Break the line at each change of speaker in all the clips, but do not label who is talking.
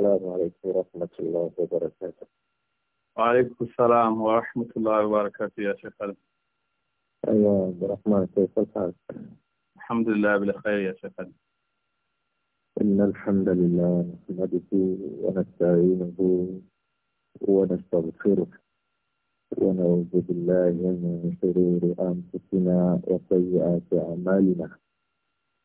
السلام عليكم ورحمة الله وبركاته وعليكم السلام ورحمة الله وبركاته يا شيخ علي أيوة عبد الرحمن كيف الحال؟ الحمد لله بالخير يا شيخ علي إن الحمد لله نحمده ونستعينه ونستغفره ونعوذ بالله من شرور أنفسنا وسيئات أعمالنا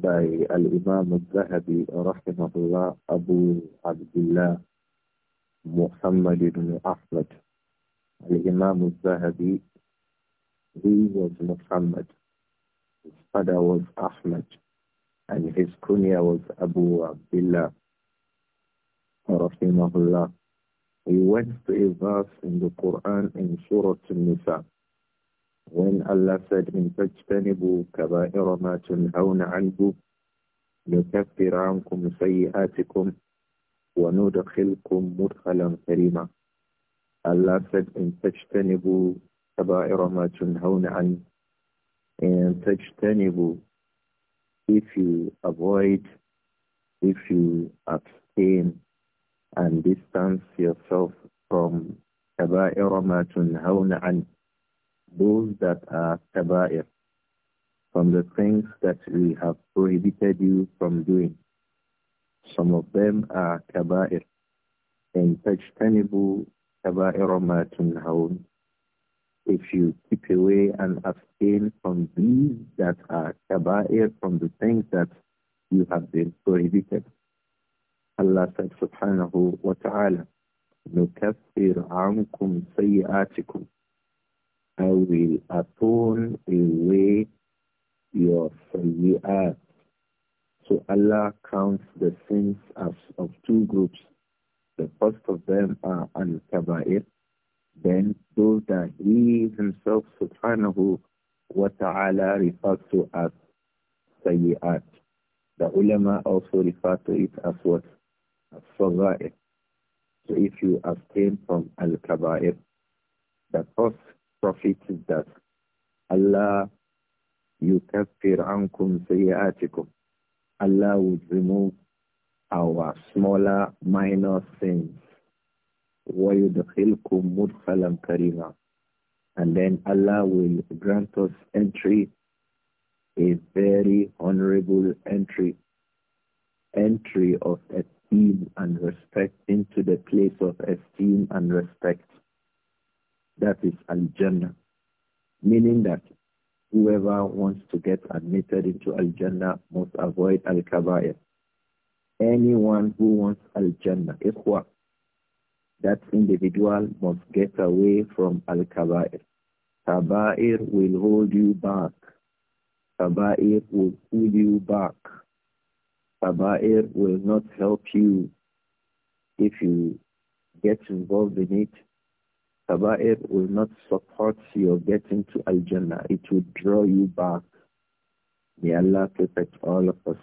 by Al-Imam Al-Zahabi rahimahullah Abu Abdullah Muhammad ibn Ahmad. Al-Imam Al-Zahabi, he was Muhammad. His father was Ahmad and his kunya was Abu Abdullah rahimahullah. He went to a verse in the Quran in Surah al nisa وإن Allah said in فَاجْتَنِبُوا كَبَائِرَ مَا تُنْهَوْنَ عَنْهُ نُكَفِّرْ عَنْكُمْ سَيِّئَاتِكُمْ وَنُدْخِلْكُمْ مُدْخَلًا كَرِيمًا Allah said in فَاجْتَنِبُوا كَبَائِرَ مَا تُنْهَوْنَ عَنْهُ إن تجتنبوا If you avoid, if you abstain and distance yourself from كَبَائِرَ مَا تُنْهَوْنَ عَنْهُ those that are kaba'ir, from the things that we have prohibited you from doing. Some of them are kaba'ir. And tajtanibu kaba'ir ma tunhaun. If you keep away and abstain from these that are kaba'ir, from the things that you have been prohibited. Allah said subhanahu wa ta'ala, نكفر عنكم سيئاتكم I will atone away your sayyat. So Allah counts the sins as of two groups. The first of them are al-kaba'ir, then those that he himself subhanahu wa ta'ala refers to as sayyat. The ulama also refer to it as what? As So if you abstain from al-kaba'ir, the first profit that Allah yukaffir ankum sayyatikum. Allah would remove our smaller, minor sins. وَيُدْخِلْكُمْ مُدْخَلًا كَرِيمًا And then Allah will grant us entry, a very honorable entry, entry of esteem and respect into the place of esteem and respect. That is Al-Jannah. Meaning that whoever wants to get admitted into Al-Jannah must avoid Al-Kabair. Anyone who wants Al-Jannah, Ikhwa, that individual must get away from Al-Kabair. Kabair will hold you back. Kabair will pull you back. Kabair will not help you if you get involved in it Kaba'ir will not support your getting to Al-Jannah. It will draw you back. May Allah protect all of us.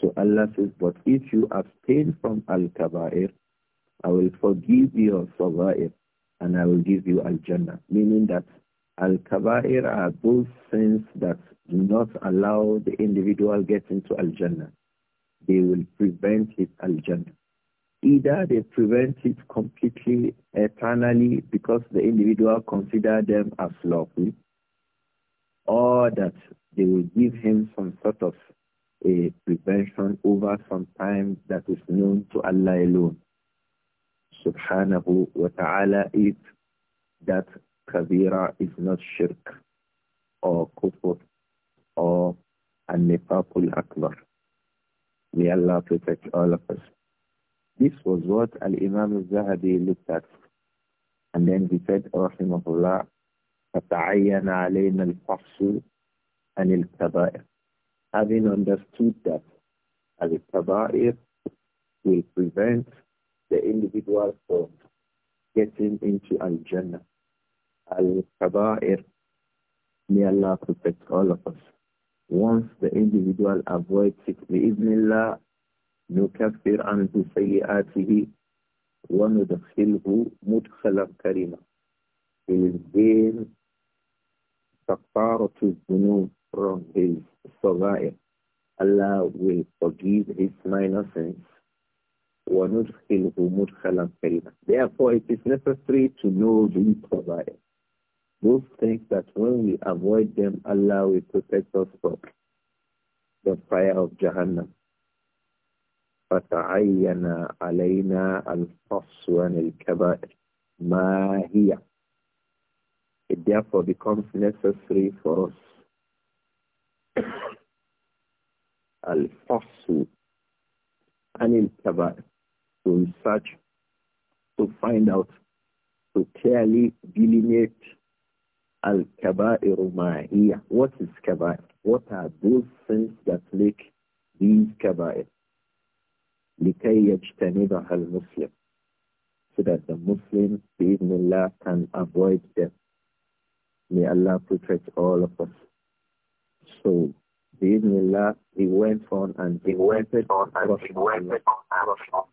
So Allah says, but if you abstain from Al-Kaba'ir, I will forgive your Saba'ir and I will give you Al-Jannah. Meaning that Al-Kaba'ir are those sins that do not allow the individual getting to Al-Jannah. They will prevent his Al-Jannah. Either they prevent it completely, eternally, because the individual consider them as lawful, or that they will give him some sort of a prevention over some time that is known to Allah alone. Subhanahu wa ta'ala if that kabira is not shirk or kufr or an-nifaqul akbar. May Allah protect all of us. This was what Al-Imam al-Zahabi looked at. And then he said, Rahimahullah, فَتَعَيَّنَ عَلَيْنَا and عَنِ الْكَبَائِرِ Having understood that al-kabair will prevent the individual from getting into al-jannah. Al-kabair, may Allah protect all of us. Once the individual avoids it, bi-ibnillah, نكفر عنه سيئاته وندخله مدخلا كريما He gain kafaratul dhunub from his sagair. Allah will forgive his minor sins. وَنُدْخِلْهُ مُدْخَلًا كَرِيمًا Therefore, it is necessary to know the sagair. Those things that when we avoid them, Allah will protect us from the fire of Jahannam. فتعين علينا الفصل عن الكبائر ما هي It therefore becomes necessary for us الفصل عن الكبائر to research to find out to clearly delineate what is what are those things that make these kaba'ir لكي يجتنبها المسلم so that the Muslim, Allah, can avoid them. May Allah protect all of us. So, Allah, he went on and he went on and he went on.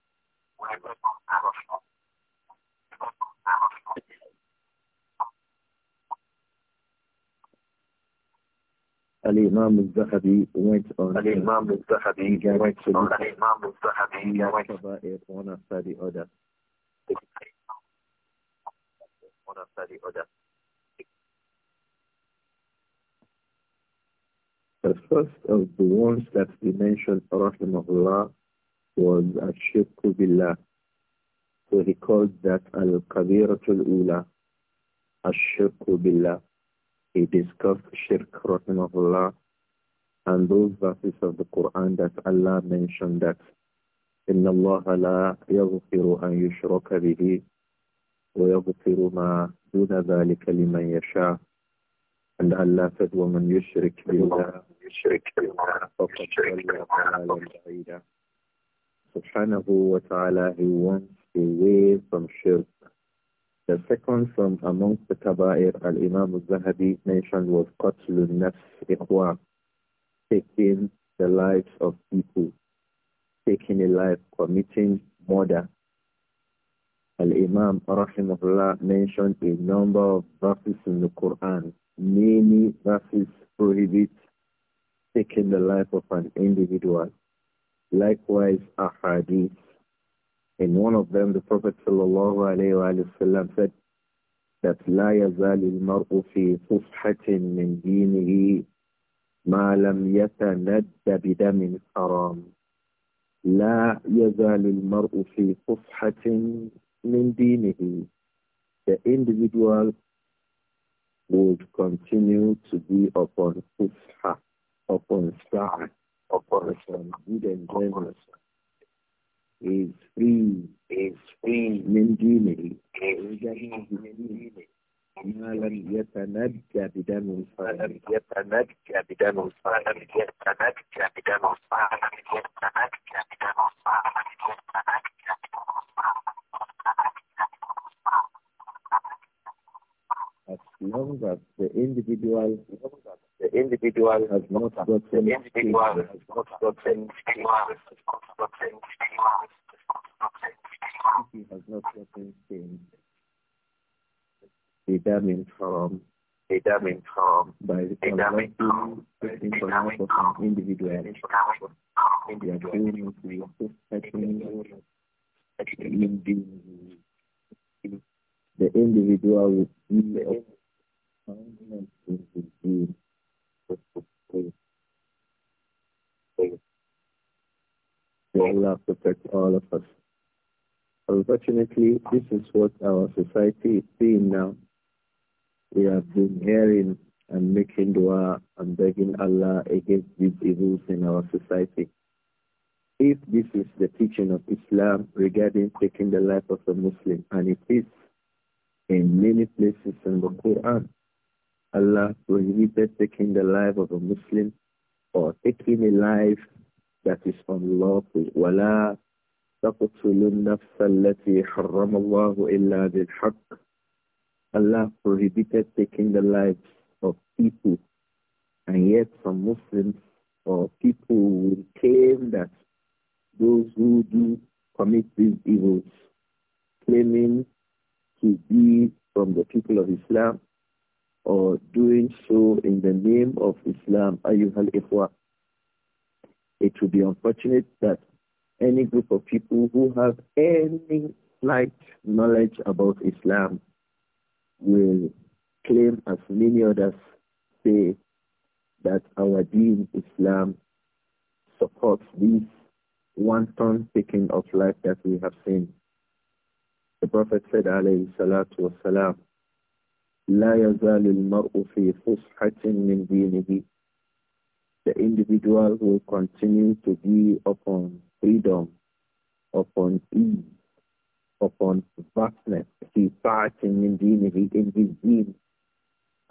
Al-Imam al-Zahabi went on Al-Imam al-Zahabi went on Al-Imam al-Zahabi went one after the other. One after the other. The first of the ones that he mentioned, rahimahullah, was Ashirku Billah. So he called that Al-Kabiratul Ula, Ashirku Billah. He discussed shirk, of Allah, and those verses of the Quran that Allah mentioned that إن الله لا يغفر أن يشرك به ويغفر ما دون ذلك لمن يشاء and Allah said ومن يشرك بالله يشرك بالله فقد ضل ضلالا بعيدا Subhanahu wa ta'ala, he wants away from shirk the second from amongst the Kaba'ir Al-Imam al-Zahabi mentioned was Qatlun Nafs Ikhwa, taking the lives of people, taking a life, committing murder. Al-Imam Rahimahullah mentioned a number of verses in the Quran. Many verses prohibit taking the life of an individual. Likewise, ahadith in one of them, the Prophet ﷺ said that لا يزال المرء في فسحة من دينه ما لم يتند بدم حرام لا يزال المرء في فسحة من دينه The individual would continue to be upon fusha, upon sa'a, upon some good enjoyment is free, is free, Mindimidi, Amalam yet another capitan of Father, yet another capitan of Father, yet another capitan of Father, yet another capitan of Father, yet another capitan of Father. As long as the individual, the individual has not gotten the individual has not gotten he has not gotten things determined from determined from by the determined from information from individual individual the individual will be the Allah protect all of us. Unfortunately, this is what our society is seeing now. We have been hearing and making dua and begging Allah against these evils in our society. If this is the teaching of Islam regarding taking the life of a Muslim, and it is in many places in the Quran, Allah prohibited taking the life of a Muslim or taking a life that is unlawful. وَلَا تَقْتُلُوا النَّفْسَ الَّتِي حَرَّمَ اللَّهُ إِلَّا بِالْحَقِّ Allah prohibited taking the lives of people, and yet some Muslims or people will claim that those who do commit these evils, claiming to be from the people of Islam, or doing so in the name of Islam, ayyuhal ikhwa. It would be unfortunate that any group of people who have any slight knowledge about Islam will claim, as many others say, that our deen Islam supports this wanton taking of life that we have seen. The Prophet said, alayhi salatu wasalam, لا يزال المرء في فسحة من دينه the individual will continue to be upon freedom, upon ease, upon vastness, he fighting in evil in his deen,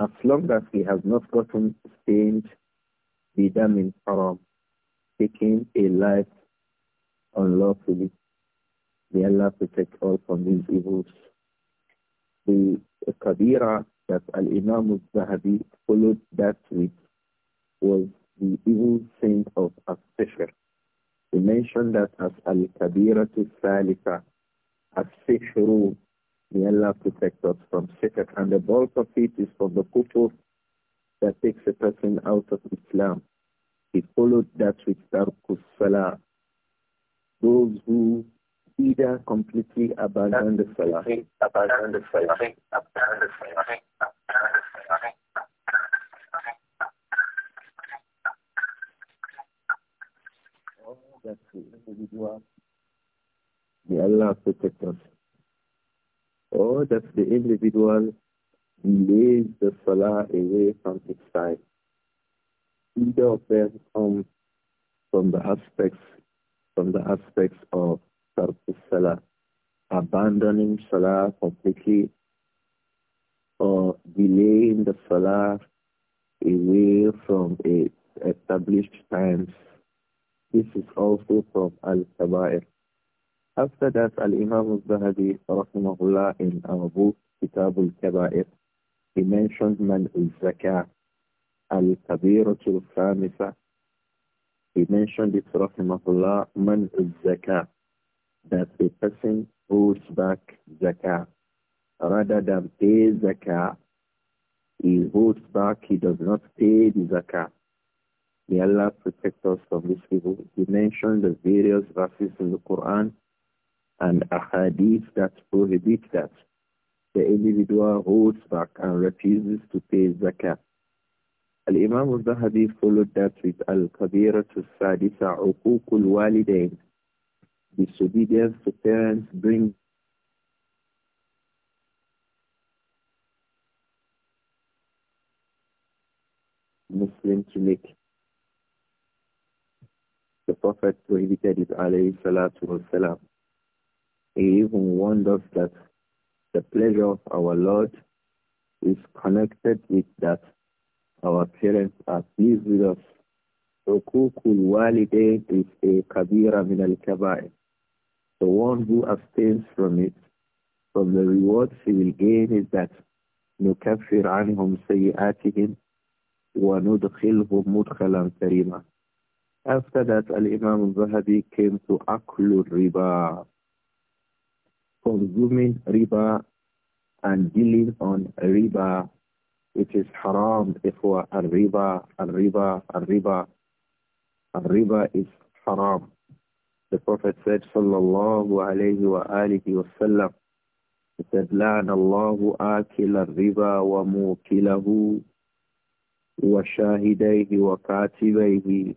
as long as he has not gotten stained bidam in from taking a life unlawfully. May Allah protect all from these evils. The Kabira that Al-Imam al-Zahabi followed that with was the evil saint of As-Sihr. He mentioned that as Al-Kabira to Salika, As-Sihru, may Allah protect us from Sihr. And the bulk of it is from the kufr that takes a person out of Islam. He followed that with Tarkus Salah. Those who either completely abandon the salah. Abandon the salah. That's the individual. May Allah protect us. Or that the individual lays the salah away from his side. Either of them come from the aspects from the aspects of sarfu salah, abandoning salah completely or delaying the salah away from its established times. This is also from Al-Kabair. After that, Al-Imam al-Zahabi, rahimahullah, in our book, Kitab al-Kabair, he mentioned Man al-Zakah, Al-Kabiratul Khamisa. He mentioned it, rahimahullah, Man al-Zakah that a person holds back zakah rather than pay zakah. He holds back, he does not pay the zakah. May Allah protect us from this evil. He mentioned the various verses in the Quran and hadith that prohibit that. The individual holds back and refuses to pay zakat. Al-Imam al-Zahabi followed that with Al-Kabira to Sadisa, Uquq al-Walidain disobedience to parents brings Muslim to make. The Prophet prohibited it, alayhi salatu wasalam. He even warned us that the pleasure of our Lord is connected with that our parents are pleased with us. Hukukul walidain is a kabira min al-kabair. The one who abstains from it, from the rewards he will gain is that نكفر عنهم سيئاتهم وندخلهم مدخلا كريما After that, Al-Imam zahabi came to Aklul Riba, consuming Riba and dealing on Riba, which is haram, ikhwa, al-Riba, al-Riba, al-Riba. Al-Riba is haram. The Prophet said, Sallallahu alayhi wa alihi wa sallam, he said, لَعْنَ اللَّهُ آكِلَ الرِّبَى وَمُوكِلَهُ وَشَاهِدَيْهِ وَكَاتِبَيْهِ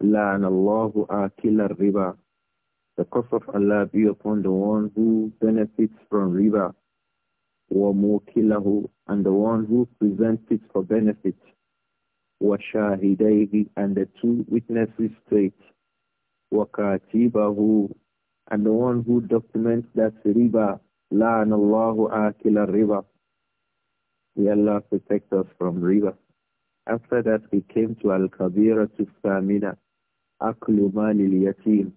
لَعْنَ اللَّهُ آكِلَ riba. The curse of Allah be upon the one who benefits from riba, wa وَمُوكِلَهُ And the one who presents it for benefit, wa وَشَاهِدَيْهِ And the two witnesses state." وَكَاتِبَهُ And the one who documents that riba, لَعَنَ اللَّهُ آكِلَ riba. May Allah protect us from riba. After that, we came to Al-Kabira to Samina, Aklu Mali Yatim,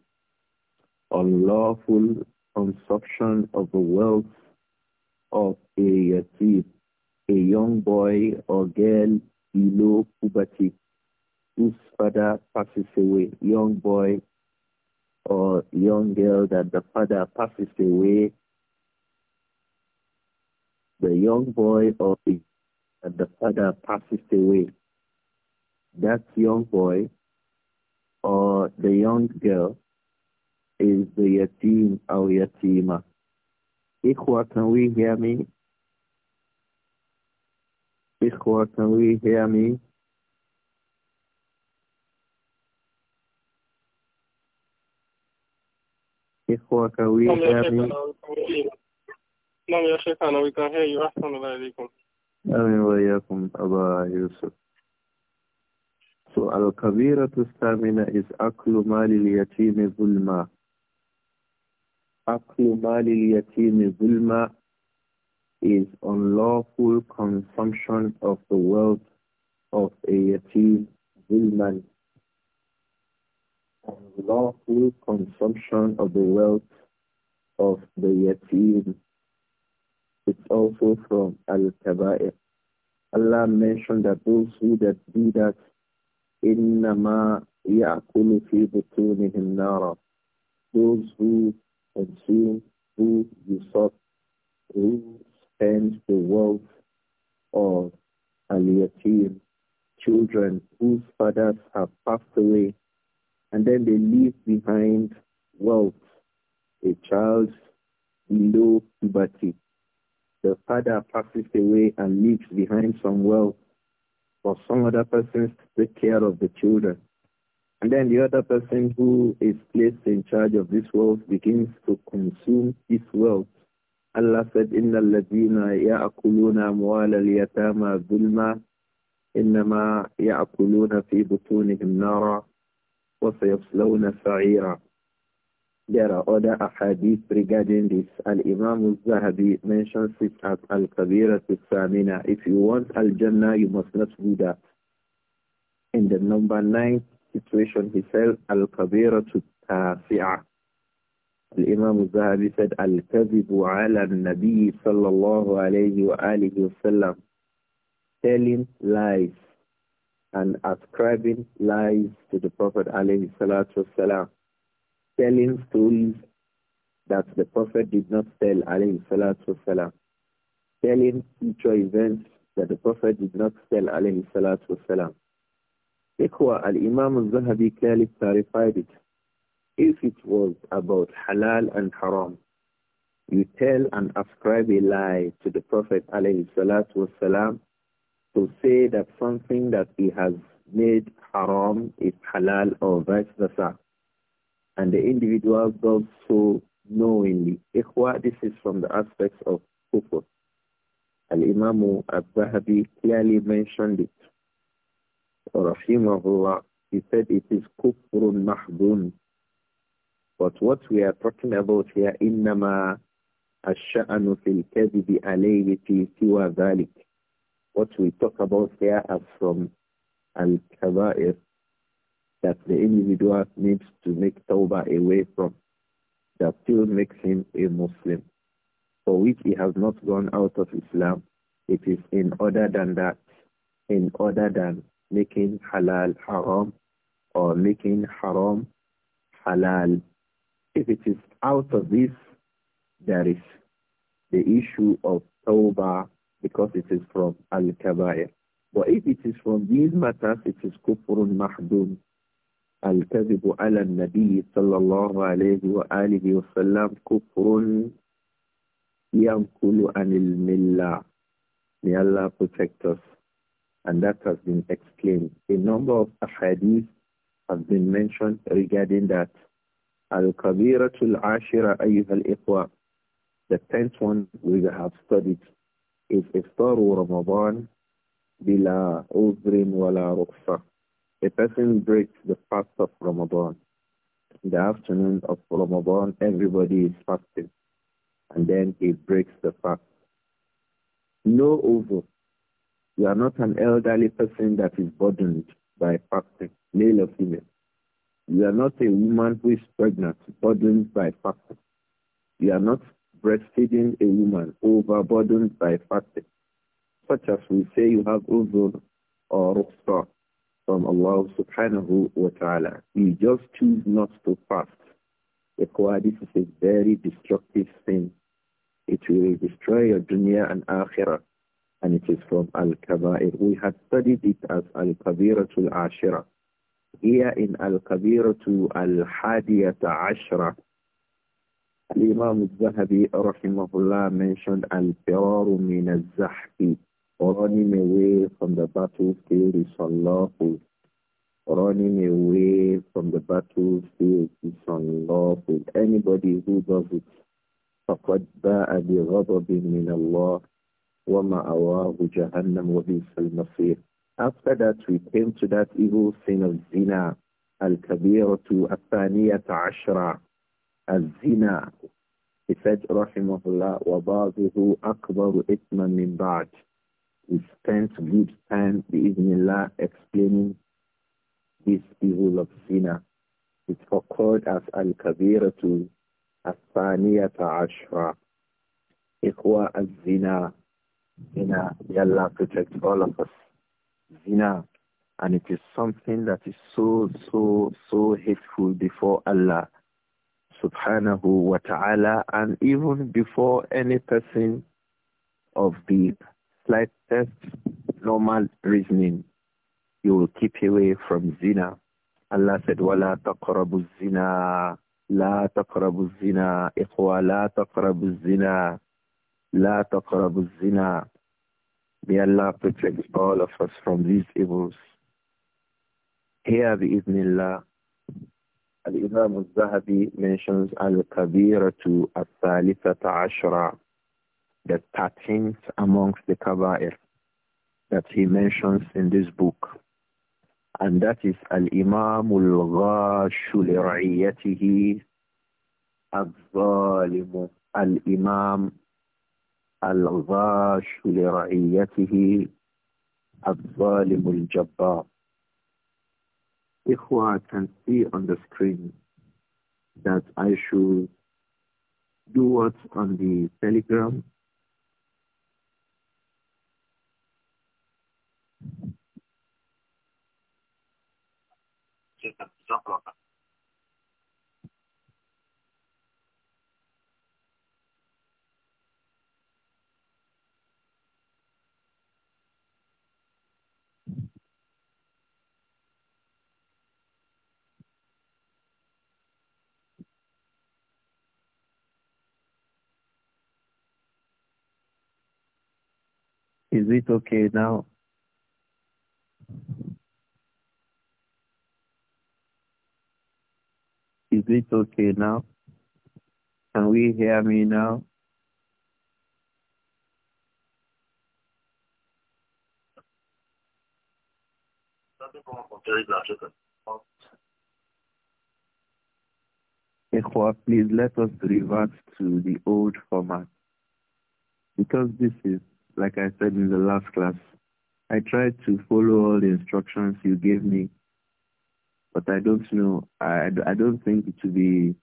unlawful consumption of the wealth of a yatim, a young boy or girl below puberty, whose father passes away, young boy or young girl that the father passes away, the young boy or the, that the father passes away, that young boy or the young girl is the yatim or yatima. Ikhwa, can we hear me? Ikhwa, can we hear me? إخوة وإيجابي نعم يا شيخنا ويتهيأ أحسن الله إليكم آمين وإياكم أبا يوسف So Al-Kabira is Aklu Malil Yatimi Zulma. Aklu Yatimi Zulma is unlawful consumption of the wealth of a yatim Zulman lawful consumption of the wealth of the yatim. It's also from Al-Kaba'ir. Allah mentioned that those who that do that, إِنَّمَا يَأْكُلُ فِي بُطُونِهِمْ nara. Those who consume, who usurp, who spend the wealth of al-yatim, children whose fathers have passed away, and then they leave behind wealth, a child below puberty. The father passes away and leaves behind some wealth for some other person to take care of the children. And then the other person who is placed in charge of this wealth begins to consume this wealth. Allah said, إِنَّ الَّذِينَ يَأْكُلُونَ أَمْوَالَ الْيَتَامَى ظُلْمًا إِنَّمَا يَأْكُلُونَ فِي بُطُونِهِمْ نَارًا وَسَيَصْلَوْنَ سَعِيرًا There are other ahadith regarding this. Al-Imam al-Zahabi mentions it as Al-Kabira Samina. If you want Al-Jannah, you must not do that. In the number nine situation, he said Al-Kabira Tasi'ah. al-Zahabi said Al-Kazibu al-Nabi النبي صلى الله عليه wa وسلم telling lies and ascribing lies to the Prophet alayhi salatu wasalam, telling stories that the Prophet did not tell alayhi salatu wasalam, telling future events that the Prophet did not tell alayhi salatu wasalam. Ikhwa, al-Imam al-Zahabi clearly clarified it. If it was about halal and haram, you tell and ascribe a lie to the Prophet alayhi salatu wasalam, to say that something that he has made haram is halal or vice versa. And the individual does so knowingly. Ikhwa, this is from the aspects of kufr. Al-Imam al-Zahabi clearly mentioned it. Rahimahullah, he said it is kufrun mahdun. But what we are talking about here, إنما الشأن في الكذب عليه في سوى ذلك what we talk about here are from al-kaba'ir that the individual needs to make tawbah away from that still makes him a Muslim, for which he has not gone out of Islam. It is in other than that, in other than making halal haram or making haram halal. If it is out of this, there is the issue of tawbah because it is from al-kabair. But if it is from these matters, it is kufrun mahdun Al-kadhibu ala nabi sallallahu alayhi wa alihi wa sallam kufrun yankulu anil millah. May Allah protect us. And that has been explained. A number of ahadith have been mentioned regarding that. Al-kabiratul ashira ayyuha al-ikhwa. The tenth one we have studied if iftaru Ramadan bila uzrin wala ruqsa. A person breaks the fast of Ramadan. In the afternoon of Ramadan, everybody is fasting. And then he breaks the fast. No over. You are not an elderly person that is burdened by fasting, male or female. You are not a woman who is pregnant, burdened by fasting. You are not breastfeeding a woman overburdened by fasting, such as we say you have uzur or ruqsa from Allah subhanahu wa ta'ala. You just choose not to fast. The this is a very destructive thing. It will destroy your dunya and akhirah. And it is from Al-Kaba'ir. We had studied it as Al-Kabiratul Ashira. Here in Al-Kabiratul Al-Hadiyata Ashra, Imam al-Zahabi rahimahullah mentioned al-firaru min al-zahfi running away from the battlefield is unlawful. Running away from the battlefield is unlawful. Anybody who does it فقد باء بغضب من الله ومأواه جهنم وبئس المصير. After that we came to that evil sin of zina al-kabiratu al-thaniyata ashra الزنا he said rahimahullah wa ba'dhu akbar ithman min ba'd he spent good time biiznillah explaining this evil of zina It's occurred as al-kabiratu al-thaniyata ashra ikhwa al-zina zina may Allah protect all of us zina and it is something that is so so so hateful before Allah subhanahu wa ta'ala and even before any person of the slightest normal reasoning, you will keep away from zina. Allah said, وَلَا تَقْرَبُ الزِّنَا لَا تَقْرَبُ الزِّنَا إِخْوَى لَا تَقْرَبُ الزِّنَا لَا تَقْرَبُ الزِّنَا May Allah protect all of us from these evils. Here, bi Allah. Al-Imam al mentions Al-Kabiratu al-Thalithata Ashra, the 13th amongst the Kaba'ir that he mentions in this book. And that is Al-Imam li-Ra'iyatihi al-Zalimu. al al al al-Jabbar. Ikhwa can see on the screen that I should do what on the telegram? Is it okay now? Is it okay now? Can we hear me now? Ikhwa, please let us revert to the old format because this is like I said in the last class, I tried to follow all the instructions you gave me, but I don't know. I, I don't think it would be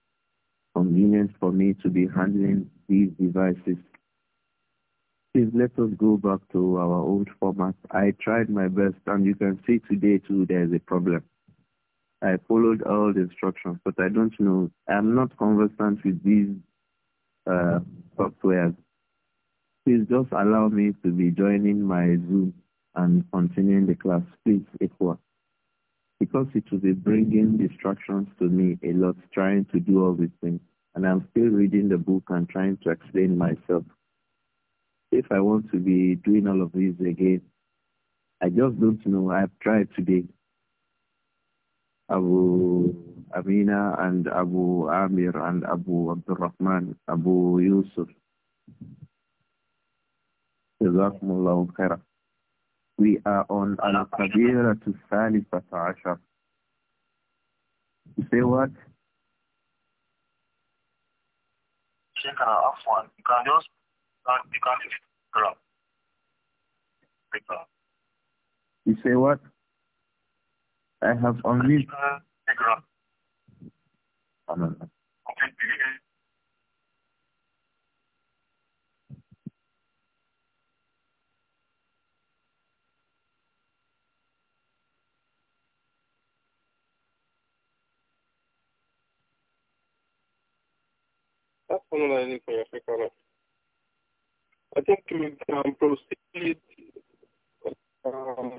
convenient for me to be handling these devices. Please let us go back to our old format. I tried my best, and you can see today too there is a problem. I followed all the instructions, but I don't know. I'm not conversant with these uh, softwares. Please just allow me to be joining my Zoom and continuing the class. Please, Equa. Because it will be bringing distractions to me a lot, trying to do all these things. And I'm still reading the book and trying to explain myself. If I want to be doing all of this again, I just don't know. I've tried today. Abu Amina and Abu Amir and Abu Abdurrahman, Abu Yusuf. We are on Al-Kabira to Salifata You say what? Uh, you can just, you can You say what? I have uh, only... I That's one that I need for your I think we can um, proceed um,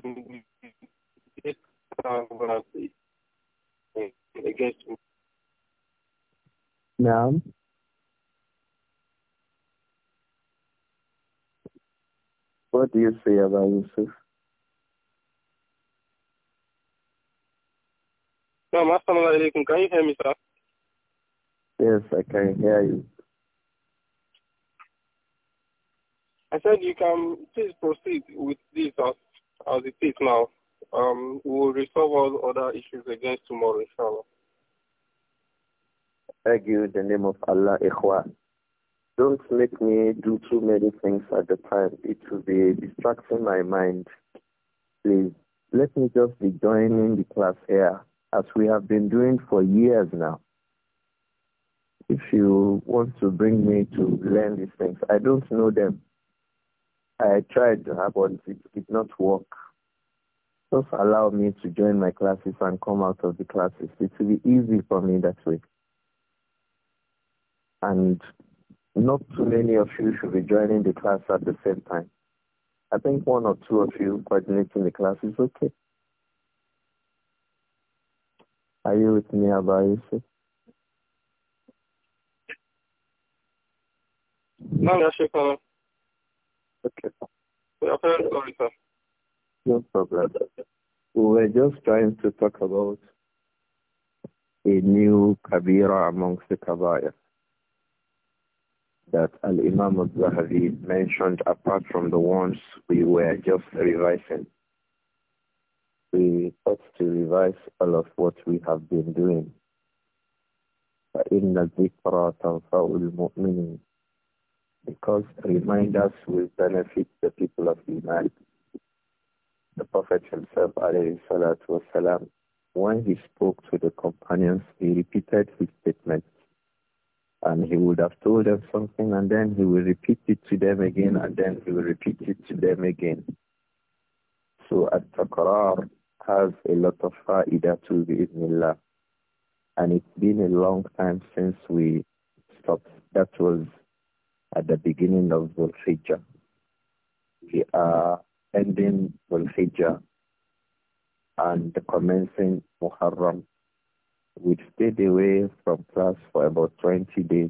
um against um, No. What do you say about Yusuf? No, Assalamu alaikum. Can you hear me, sir? Yes, I can hear you. I said you can please proceed with this as, as it is now. Um, we will resolve all other issues against tomorrow, inshallah. Thank you, the name of Allah, Ikhwan. Don't make me do too many things at the time. It will be distracting my mind. Please, let me just be joining the class here, as we have been doing for years now if you want to bring me to learn these things, I don't know them. I tried, but it did not work. Just allow me to join my classes and come out of the classes. It will be easy for me that way. And not too many of you should be joining the class at the same time. I think one or two of you coordinating the class is okay. Are you with me, Abba Yusuf? No, that's your color. Okay. Yeah, sorry, sir. No problem. We were just trying to talk about a new kabira amongst the kabair that Al-Imam al Zahavi mentioned apart from the ones we were just revising. We ought to revise all of what we have been doing. فإن الذكرى تنفع المؤمنين because reminders will benefit the people of Iman. The Prophet himself, alayhi salatu wasalam, when he spoke to the companions, he repeated his statement. And he would have told them something and then he will repeat it to them again and then he will repeat it to them again. So at-taqrar has a lot of fa'idah to bi'idhnillah. And it's been a long time since we stopped. That was at the beginning of Dhul Hijjah. We are ending Dhul Hijjah and commencing Muharram. We stayed away from class for about 20 days.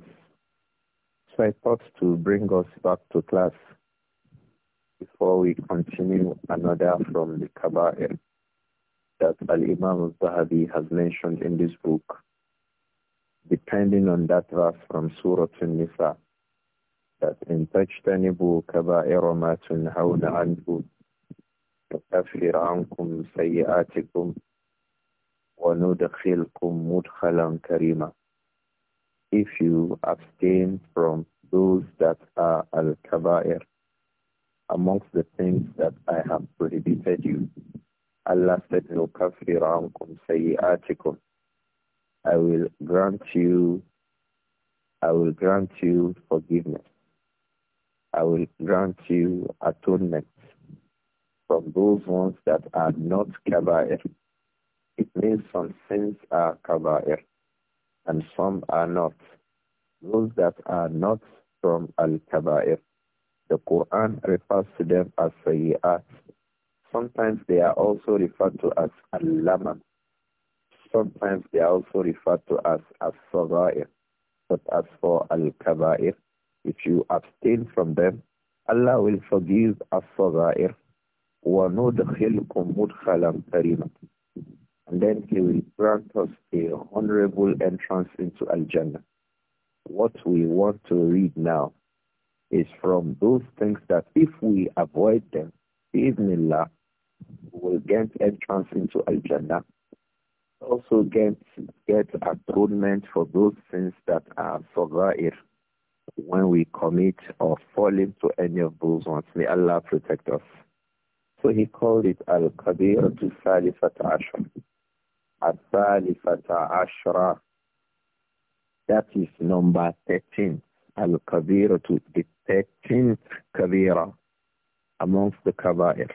So I thought to bring us back to class before we continue another from the Kaba'ir that Al-Imam al-Zahabi has mentioned in this book, depending on that verse from Surah An-Nisa that in If you abstain from those that are al-kaba'ir, amongst the things that I have prohibited you, Allah said, نكفر عنكم سيئاتكم I will grant you I will grant you forgiveness. I will grant you atonement from those ones that are not kabair. It means some sins are kabair and some are not. Those that are not from al-kabair. The Quran refers to them as sayyat. Sometimes they are also referred to as al-lama. Sometimes they are also referred to as as-sagair. But as for al-kabair, if you abstain from them, Allah will forgive as-sagair wa nudkhilkum mudkhalan karima. And then he will grant us a honorable entrance into Al-Jannah. What we want to read now is from those things that if we avoid them, bi'idhnillah, we will gain entrance into Al-Jannah. Also get, get atonement for those sins that are sagair, when we commit or fall into any of those ones. May Allah protect us. So he called it Al-Kabir to Salifata Ashra. Al-Salifata Ashra. That is number 13. Al-Kabir to the 13th Kabira amongst the Kabair.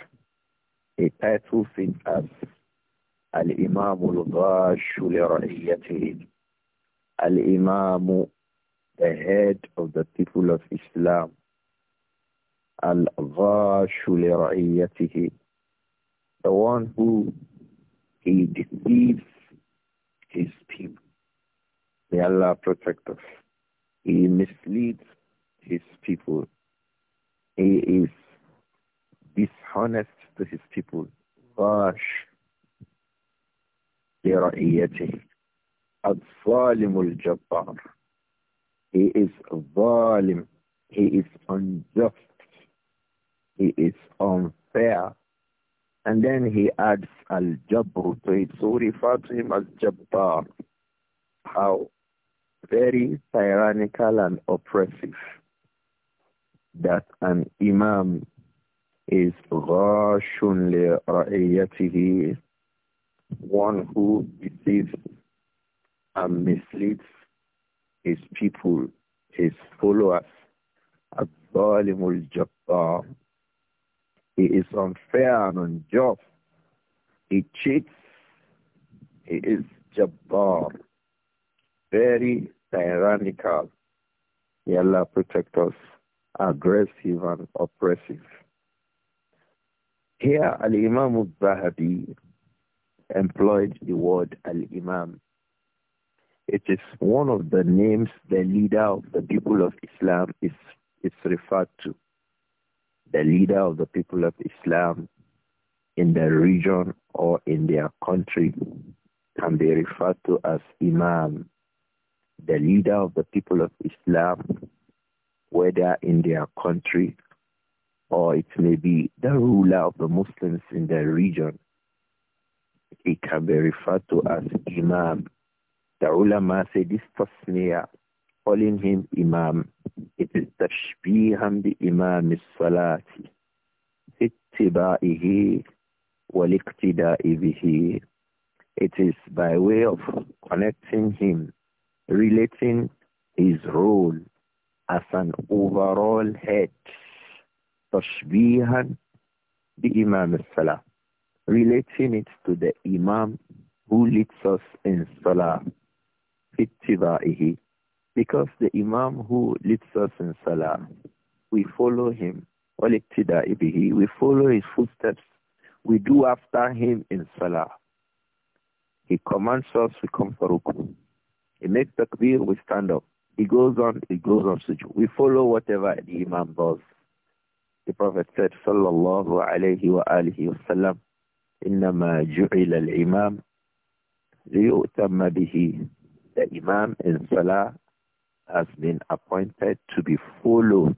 He titles it as Al-Imam Al-Ghash Al-Imam the head of the people of Islam. Al-Ghashu The one who he deceives his people. May Allah protect us. He misleads his people. He is dishonest to his people. Ghash لرعيته الظالم jabbar he is zalim. He is unjust. He is unfair. And then he adds al-jabr to it. So we refer to him as jabbar. How very tyrannical and oppressive that an imam is ghashun li ra'iyatihi, one who deceives and misleads his people, his followers. He is unfair and unjust. He cheats. He is jabbar. Very tyrannical. May Allah protect us. Aggressive and oppressive. Here, Al-Imam al-Bahabi employed the word Al-Imam it is one of the names the leader of the people of Islam is, is referred to. The leader of the people of Islam in their region or in their country can be referred to as Imam. The leader of the people of Islam, whether in their country or it may be the ruler of the Muslims in their region, it can be referred to as Imam. The ulama say this tasniya, calling him imam, it is tashbihan bi imam salati, ittiba'ihi wal-iqtida'i bihi. It is by way of connecting him, relating his role as an overall head, tashbihan bi imam salah, relating it to the imam who leads us in salah ittiba'ihi. Because the Imam who leads us in Salah, we follow him. We follow his footsteps. We do after him in Salah. He commands us, we come for ruku. He makes takbir, we stand up. He goes on, he goes on sujood. We follow whatever the Imam does. The Prophet said, Sallallahu alayhi wa alihi wa sallam, إِنَّمَا جُعِلَ الْإِمَامِ لِيُؤْتَمَّ بِهِ the imam in salah has been appointed to be followed.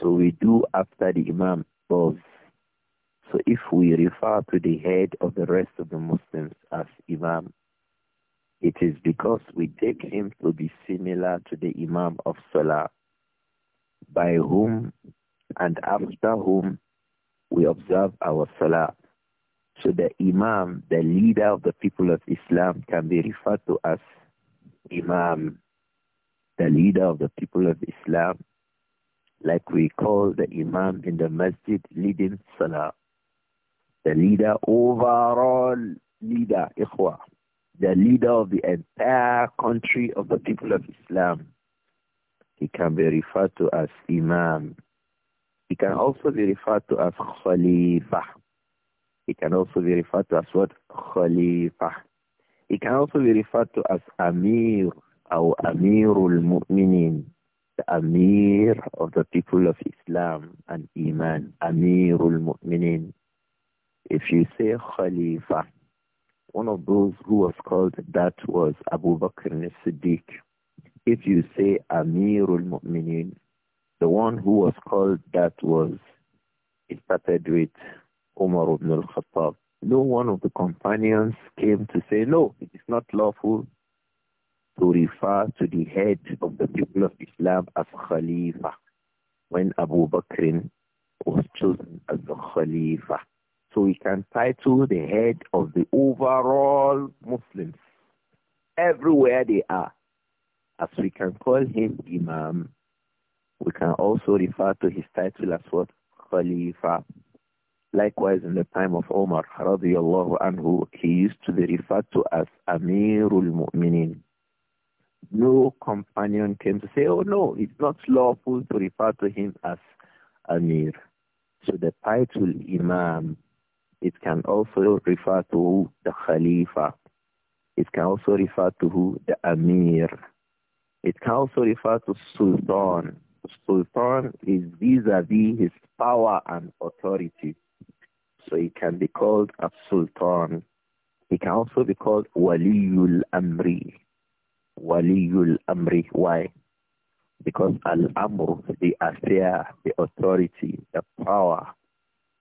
So we do after the imam both. So if we refer to the head of the rest of the Muslims as imam, it is because we take him to be similar to the imam of salah, by whom and after whom we observe our salah. So the imam, the leader of the people of Islam, can be referred to as Imam, the leader of the people of Islam, like we call the Imam in the masjid leading Salah. The leader, overall leader, Ikhwa, the leader of the entire country of the people of Islam. He can be referred to as Imam. He can also be referred to as Khalifa. He can also be referred to as what? Khalifa. It can also be referred to as Amir or Amirul Mu'minin, the Amir of the people of Islam and Iman, Amirul Mu'minin. If you say Khalifa, one of those who was called that was Abu Bakr siddiq If you say Amirul Mu'minin, the one who was called that was, it started with Umar ibn al-Khattab no one of the companions came to say, no, it is not lawful to refer to the head of the people of Islam as Khalifa when Abu Bakr was chosen as the Khalifa. So we can title the head of the overall Muslims everywhere they are. As we can call him Imam, we can also refer to his title as what? Khalifa Likewise, in the time of Omar, radiallahu anhu, he used to be referred to as Amirul Mu'minin. No companion came to say, oh no, it's not lawful to refer to him as Amir. So the title Imam, it can also refer to the Khalifa. It can also refer to the Amir. It can also refer to Sultan. Sultan is vis a -vis his power and authority. So he can be called a Sultan. He can also be called Waliul Amri. Waliul Amri. Why? Because Al-Amr, the affair, the authority, the power,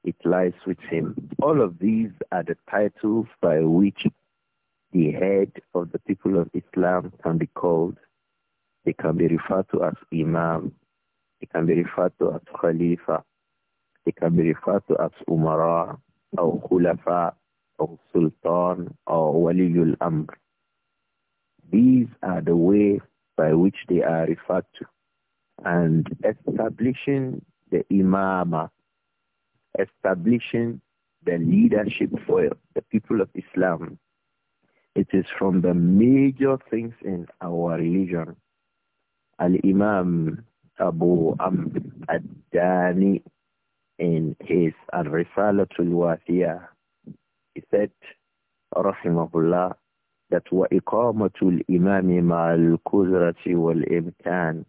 it lies with him. All of these are the titles by which the head of the people of Islam can be called. They can be referred to as Imam. They can be referred to as Khalifa. They can be referred to as umara, or khulafa, or sultan, or waliyul amr. These are the way by which they are referred to. And establishing the imama, establishing the leadership for the people of Islam, it is from the major things in our religion. Al-Imam Abu Amr Ad-Dani in his Al-Risalatul Wathiyah, he said, rahimahullah, that وَإِقَامَةُ الْإِمَامِ مَعَ الْكُذْرَةِ وَالْإِمْكَانِ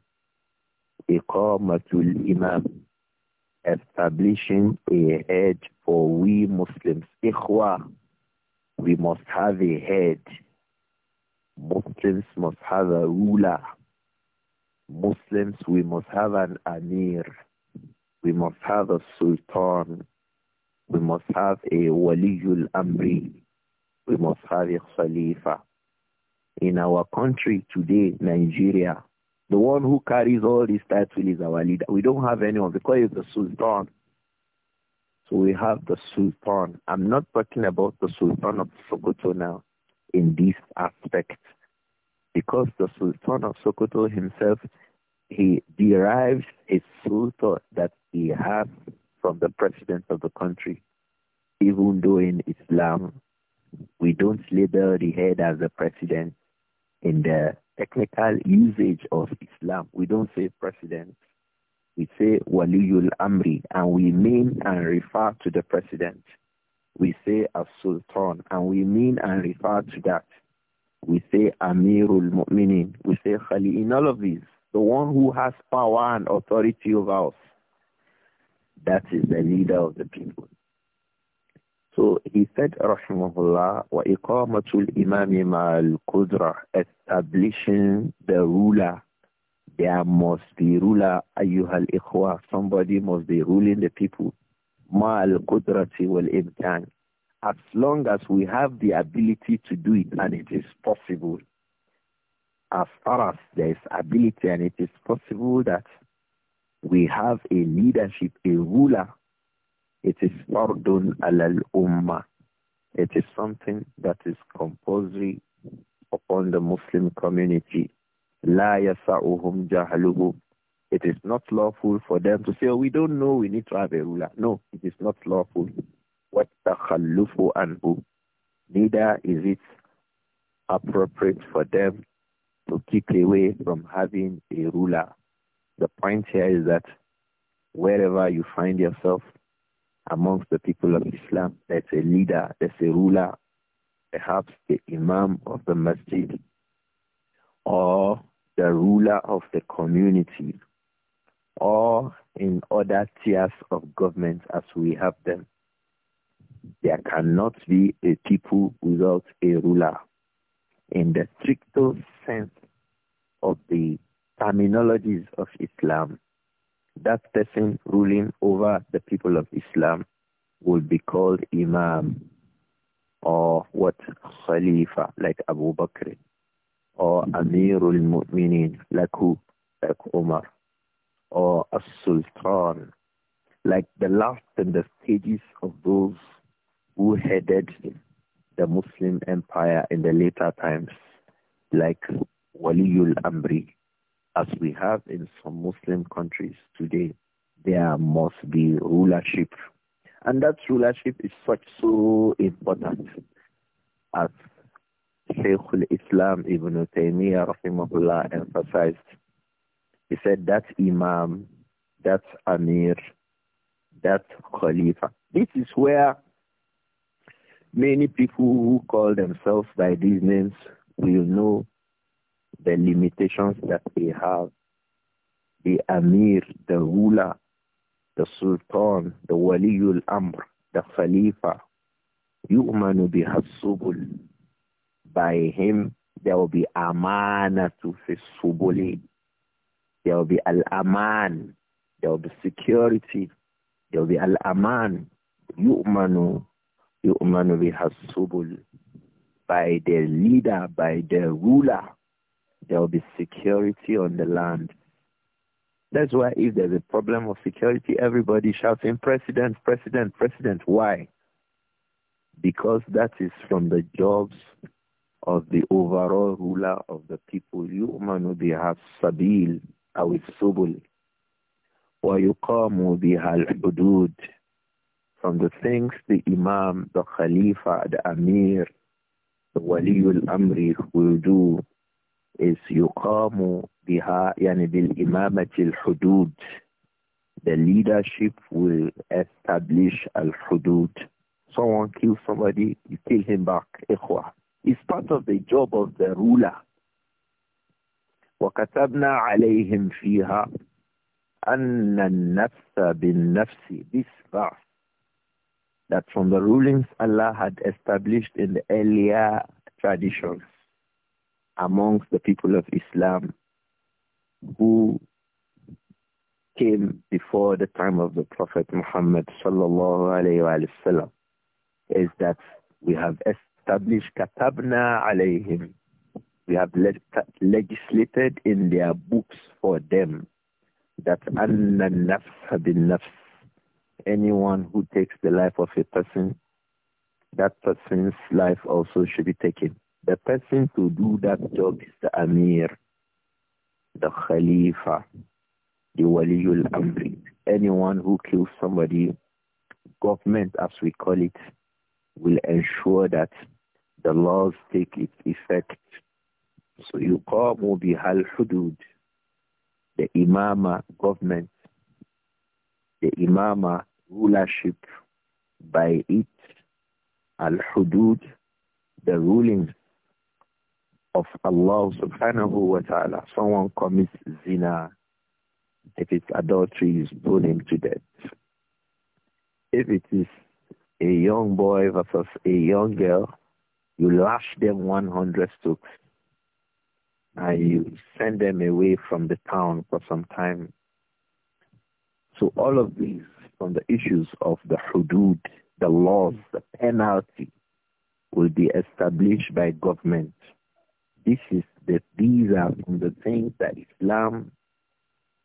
إِقَامَةُ الْإِمَامِ Establishing a head for we Muslims. Ikhwa, we must have a head. Muslims must have a ruler. Muslims, we must have an Amir we must have a sultan. We must have a waliyul amri. We must have a khalifa. In our country today, Nigeria, the one who carries all these titles is our leader. We don't have anyone because he's the sultan. So we have the sultan. I'm not talking about the sultan of Sokoto now in this aspect because the sultan of Sokoto himself he derives his sultan that he has from the president of the country, even though in Islam we don't label the head as the president in the technical usage of Islam. We don't say president. We say waliyul amri, and we mean and refer to the president. We say a sultan, and we mean and refer to that. We say amirul mu'minin. We say khali in all of these the one who has power and authority over us. That is the leader of the people. So he said, Rahimahullah, wa iqamatul imami ma'al qudra, establishing the ruler. There must be ruler, ayyuhal ikhwa. Somebody must be ruling the people. Ma'al qudrati wal imkan. As long as we have the ability to do it and it is possible, as far as there is ability and it is possible that we have a leadership, a ruler, it is fardun alal ummah. It is something that is compulsory upon the Muslim community. La yasa'uhum jahaluhu. It is not lawful for them to say, oh, we don't know, we need to have a ruler. No, it is not lawful. What takhallufu anhu. Neither is it appropriate for them to keep away from having a ruler. The point here is that wherever you find yourself amongst the people of Islam, there's a leader, there's a ruler, perhaps the imam of the masjid or the ruler of the community or in other tiers of government as we have them. There cannot be a people without a ruler. In the strictest sense of the terminologies of Islam, that person ruling over the people of Islam will be called Imam or what Khalifa like Abu Bakr or Amirul Mu'minin like who like Umar or a sultan like the last and the stages of those who headed the Muslim empire in the later times like Waliul Amri, as we have in some Muslim countries today, there must be rulership. And that rulership is such so important as Shaykh al-Islam Ibn Taymiyyah rahimahullah emphasized. He said that Imam, that Amir, that Khalifa. This is where many people who call themselves by these names will know the limitations that they have. The Amir, the ruler, the Sultan, the Waliul Amr, the Khalifa, will be السبل by him there will be amana to في السبل there will be al-aman there will be security there will be al-aman You will be السبل by the leader by the ruler there will be security on the land. That's why if there's a problem of security, everybody shouting, President, President, President. Why? Because that is from the jobs of the overall ruler of the people. You umanu biha sabil aw subul wa yuqamu biha al-hudud. From the things the Imam, the Khalifa, the Amir, the Waliul Amri will do is yuqamu biha yani bil imamati al-hudud. The leadership will establish al-hudud. Someone kills somebody, you kill him back. Ikhwa. It's part of the job of the ruler. وكتبنا عليهم فيها أن النفس بالنفس this verse that from the rulings Allah had established in the earlier traditions amongst the people of Islam who came before the time of the Prophet Muhammad sallallahu alayhi wasallam is that we have established katabna alayhim. We have legislated in their books for them that anna nafs bin nafs. Anyone who takes the life of a person, that person's life also should be taken. The person to do that job is the Amir, the Khalifa, the Waliul Amri, anyone who kills somebody, government as we call it, will ensure that the laws take its effect. So you call al hudud, the imama government, the imama rulership by it, al hudud, the rulings of Allah subhanahu wa ta'ala. Someone commits zina. If it's adultery, is burn him to death. If it is a young boy versus a young girl, you lash them 100 strokes and you send them away from the town for some time. So all of these from the issues of the hudud, the laws, the penalty will be established by government this is the, these are from the things that Islam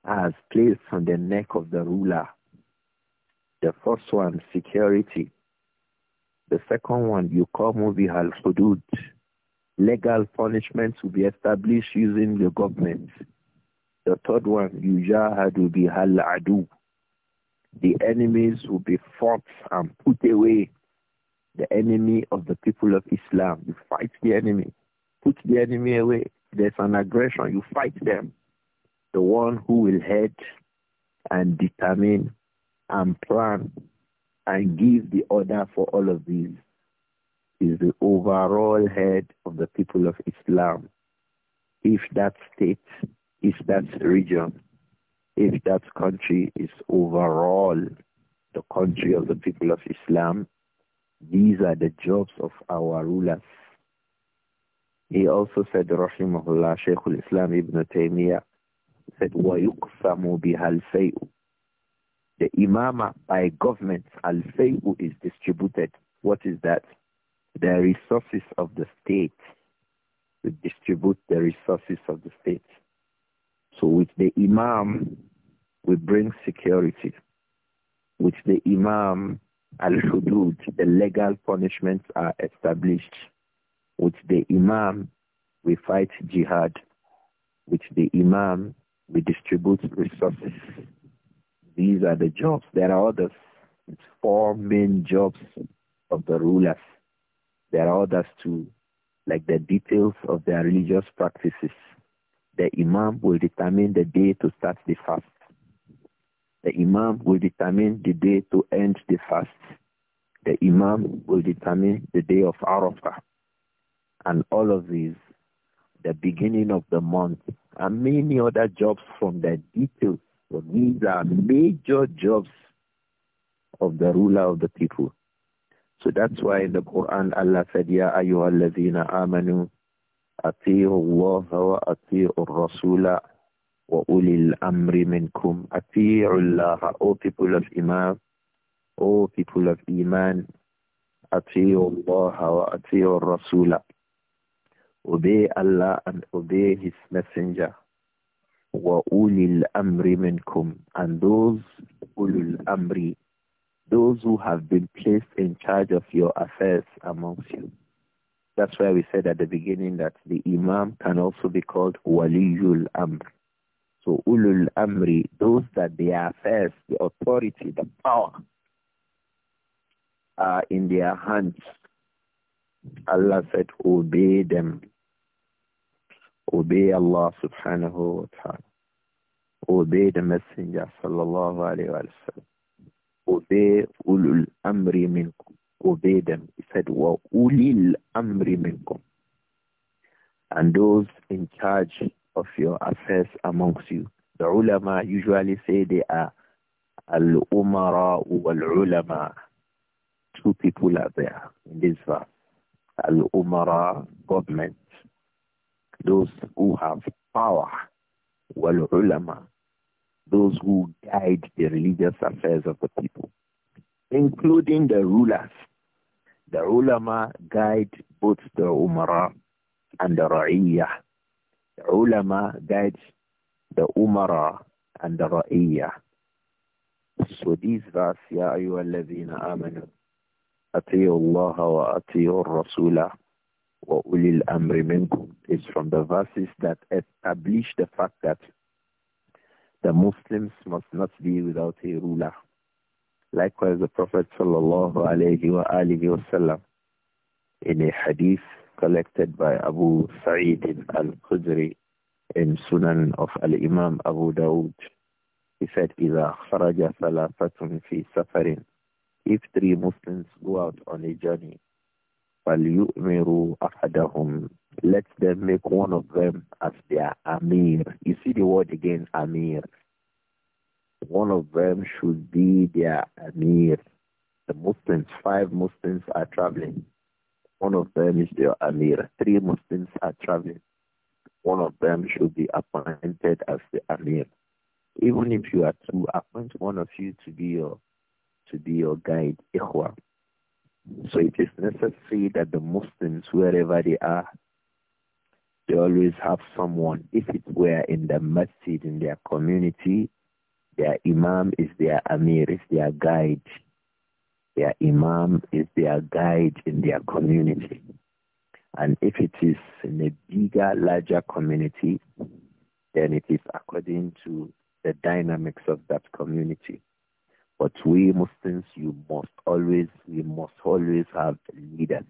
has placed on the neck of the ruler. The first one, security. The second one, you call movie al-hudud. Legal punishments will be established using the government. The third one, yujahadu bihal adu. The enemies will be fought and put away. The enemy of the people of Islam. You fight the enemy put the enemy away. There's an aggression. You fight them. The one who will head and determine and plan and give the order for all of these is the overall head of the people of Islam. If that state, if that region, if that country is overall the country of the people of Islam, these are the jobs of our rulers he also said, Rahimahullah, Shaykh al-Islam ibn Taymiyyah, said, وَيُقْسَمُ بِهَا الْفَيْءُ The imama by government, al-fay'u is distributed. What is that? The resources of the state. To distribute the resources of the state. So with the imam, we bring security. With the imam, al-hudud, the legal punishments are established with the imam, we fight jihad. With the imam, we distribute resources. These are the jobs. There are others. It's four main jobs of the rulers. There are others too, like the details of their religious practices. The imam will determine the day to start the fast. The imam will determine the day to end the fast. The imam will determine the day of Arafah and all of these, the beginning of the month, and many other jobs from the details. So these are major jobs of the ruler of the people. So that's why in the Quran Allah said, Ya ayyuhalladhina amanu ati'u Allah wa ati'u Rasula wa ulil amri minkum ati'u Allah. O people of iman, O people of Iman, ati'u Allah wa ati'u Rasula obey Allah and obey His Messenger. وَأُولِي الْأَمْرِ مِنْكُمْ And those, أُولُي amri, Those who have been placed in charge of your affairs amongst you. That's why we said at the beginning that the Imam can also be called Waliyul amri. So Ulul Amri, those that the affairs, the authority, the power are in their hands. Allah said, obey them. Obey Allah subhanahu wa ta'ala. Obey the Messenger sallallahu alayhi wa sallam. Obey ulul amri minkum. Obey them. He said, wa ulil amri minkum. And those in charge of your affairs amongst you. The ulama usually say they are al-umara wal-ulama. Two people are there in this verse. Al-umara, government, those who have power, wal ulama, those who guide the religious affairs of the people, including the rulers. The ulama guide both the umara and the ra'iyah. The ulama guides the umara and the ra'iyah. So these verse, ya أيها الذين آمنوا أطيعوا الله وأطيعوا ulil الْأَمْرِ مِنْكُمْ is from the verses that establish the fact that the Muslims must not be without a ruler. Likewise, the Prophet sallallahu alayhi wa alihi wasallam in a hadith collected by Abu Sa'id al-Khudri in Sunan of al-Imam Abu Dawud, he said, إِذَا خَرَجَ ثَلَاثَةٌ فِي سَفَرٍ If three Muslims go out on a journey, let them make one of them as their Amir. You see the word again, Amir. One of them should be their Amir. The Muslims, five Muslims are traveling. One of them is their Amir. Three Muslims are traveling. One of them should be appointed as the Amir. Even if you are two, appoint one of you to be your to be your guide, Ikhwa. So it is necessary that the Muslims, wherever they are, they always have someone. If it were in the masjid, in their community, their imam is their amir, is their guide. Their imam is their guide in their community. And if it is in a bigger, larger community, then it is according to the dynamics of that community. But we Muslims, you must always, we must always have leaders.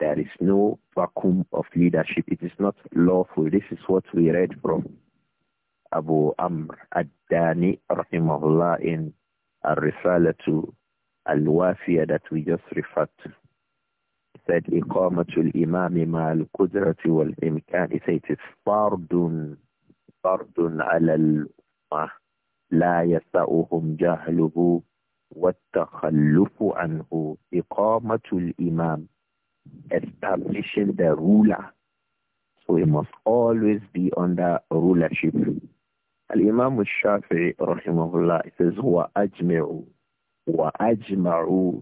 There is no vacuum of leadership. It is not lawful. This is what we read from Abu Amr ad-Dani, rahimahullah, in Al-Risala to Al-Wafiya that we just referred to. He said, إقامة الإمام مع القدرة والإمكان. He said, it is فردٌ فردٌ على الأمة. لا يسعهم جهله والتخلف عنه إقامة الإمام establishing the ruler so he must always be under rulership الإمام الشافعي رحمه الله says هو أجمع وأجمع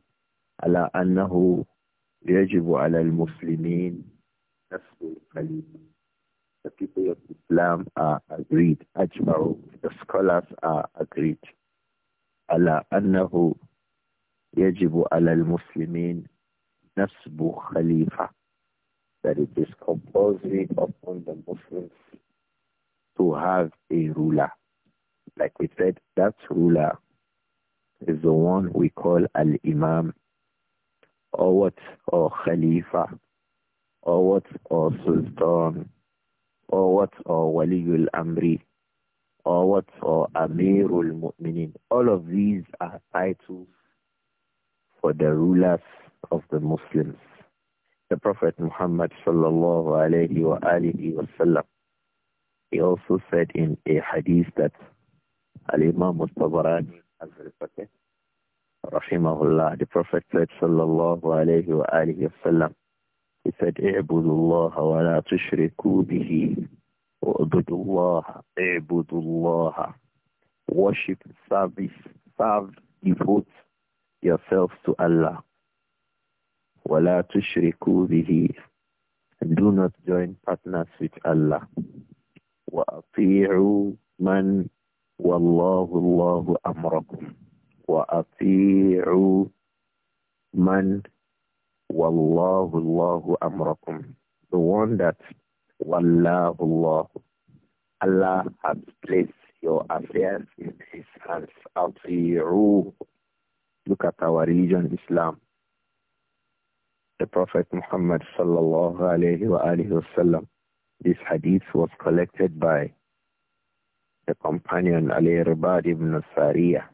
على أنه يجب على المسلمين نسل الكلمة the people of Islam are agreed. Ajma'u, the scholars are agreed. Allah annahu yajibu ala al-muslimin nasbu khalifa. That it is compulsory upon the Muslims to have a ruler. Like we said, that ruler is the one we call al-imam or what, or khalifa, or what, or sultan, or what or Waliyul Amri or what or Amirul Mu'minin. All of these are titles for the rulers of the Muslims. The Prophet Muhammad sallallahu alayhi wa alihi wasallam, he also said in a hadith that Al-Imam al-Tabarani has rahimahullah, the Prophet said sallallahu alayhi wa alihi wasallam, he said, اعبدوا الله ولا تشركوا به اعبدوا الله اعبدوا الله Worship, service, serve, devote yourselves to Allah. ولا تشركوا به Do not join partners with Allah. وأطيعوا من والله الله أمركم وأطيعوا من Wallahu Allahu amrakum. The one that Wallahu Allahu. Allah has placed your affairs in his hands. Ati'uhu. Look at our religion, Islam. The Prophet Muhammad sallallahu alayhi wa alayhi wasallam. This hadith was collected by the companion Ali Ribad ibn Sariyah.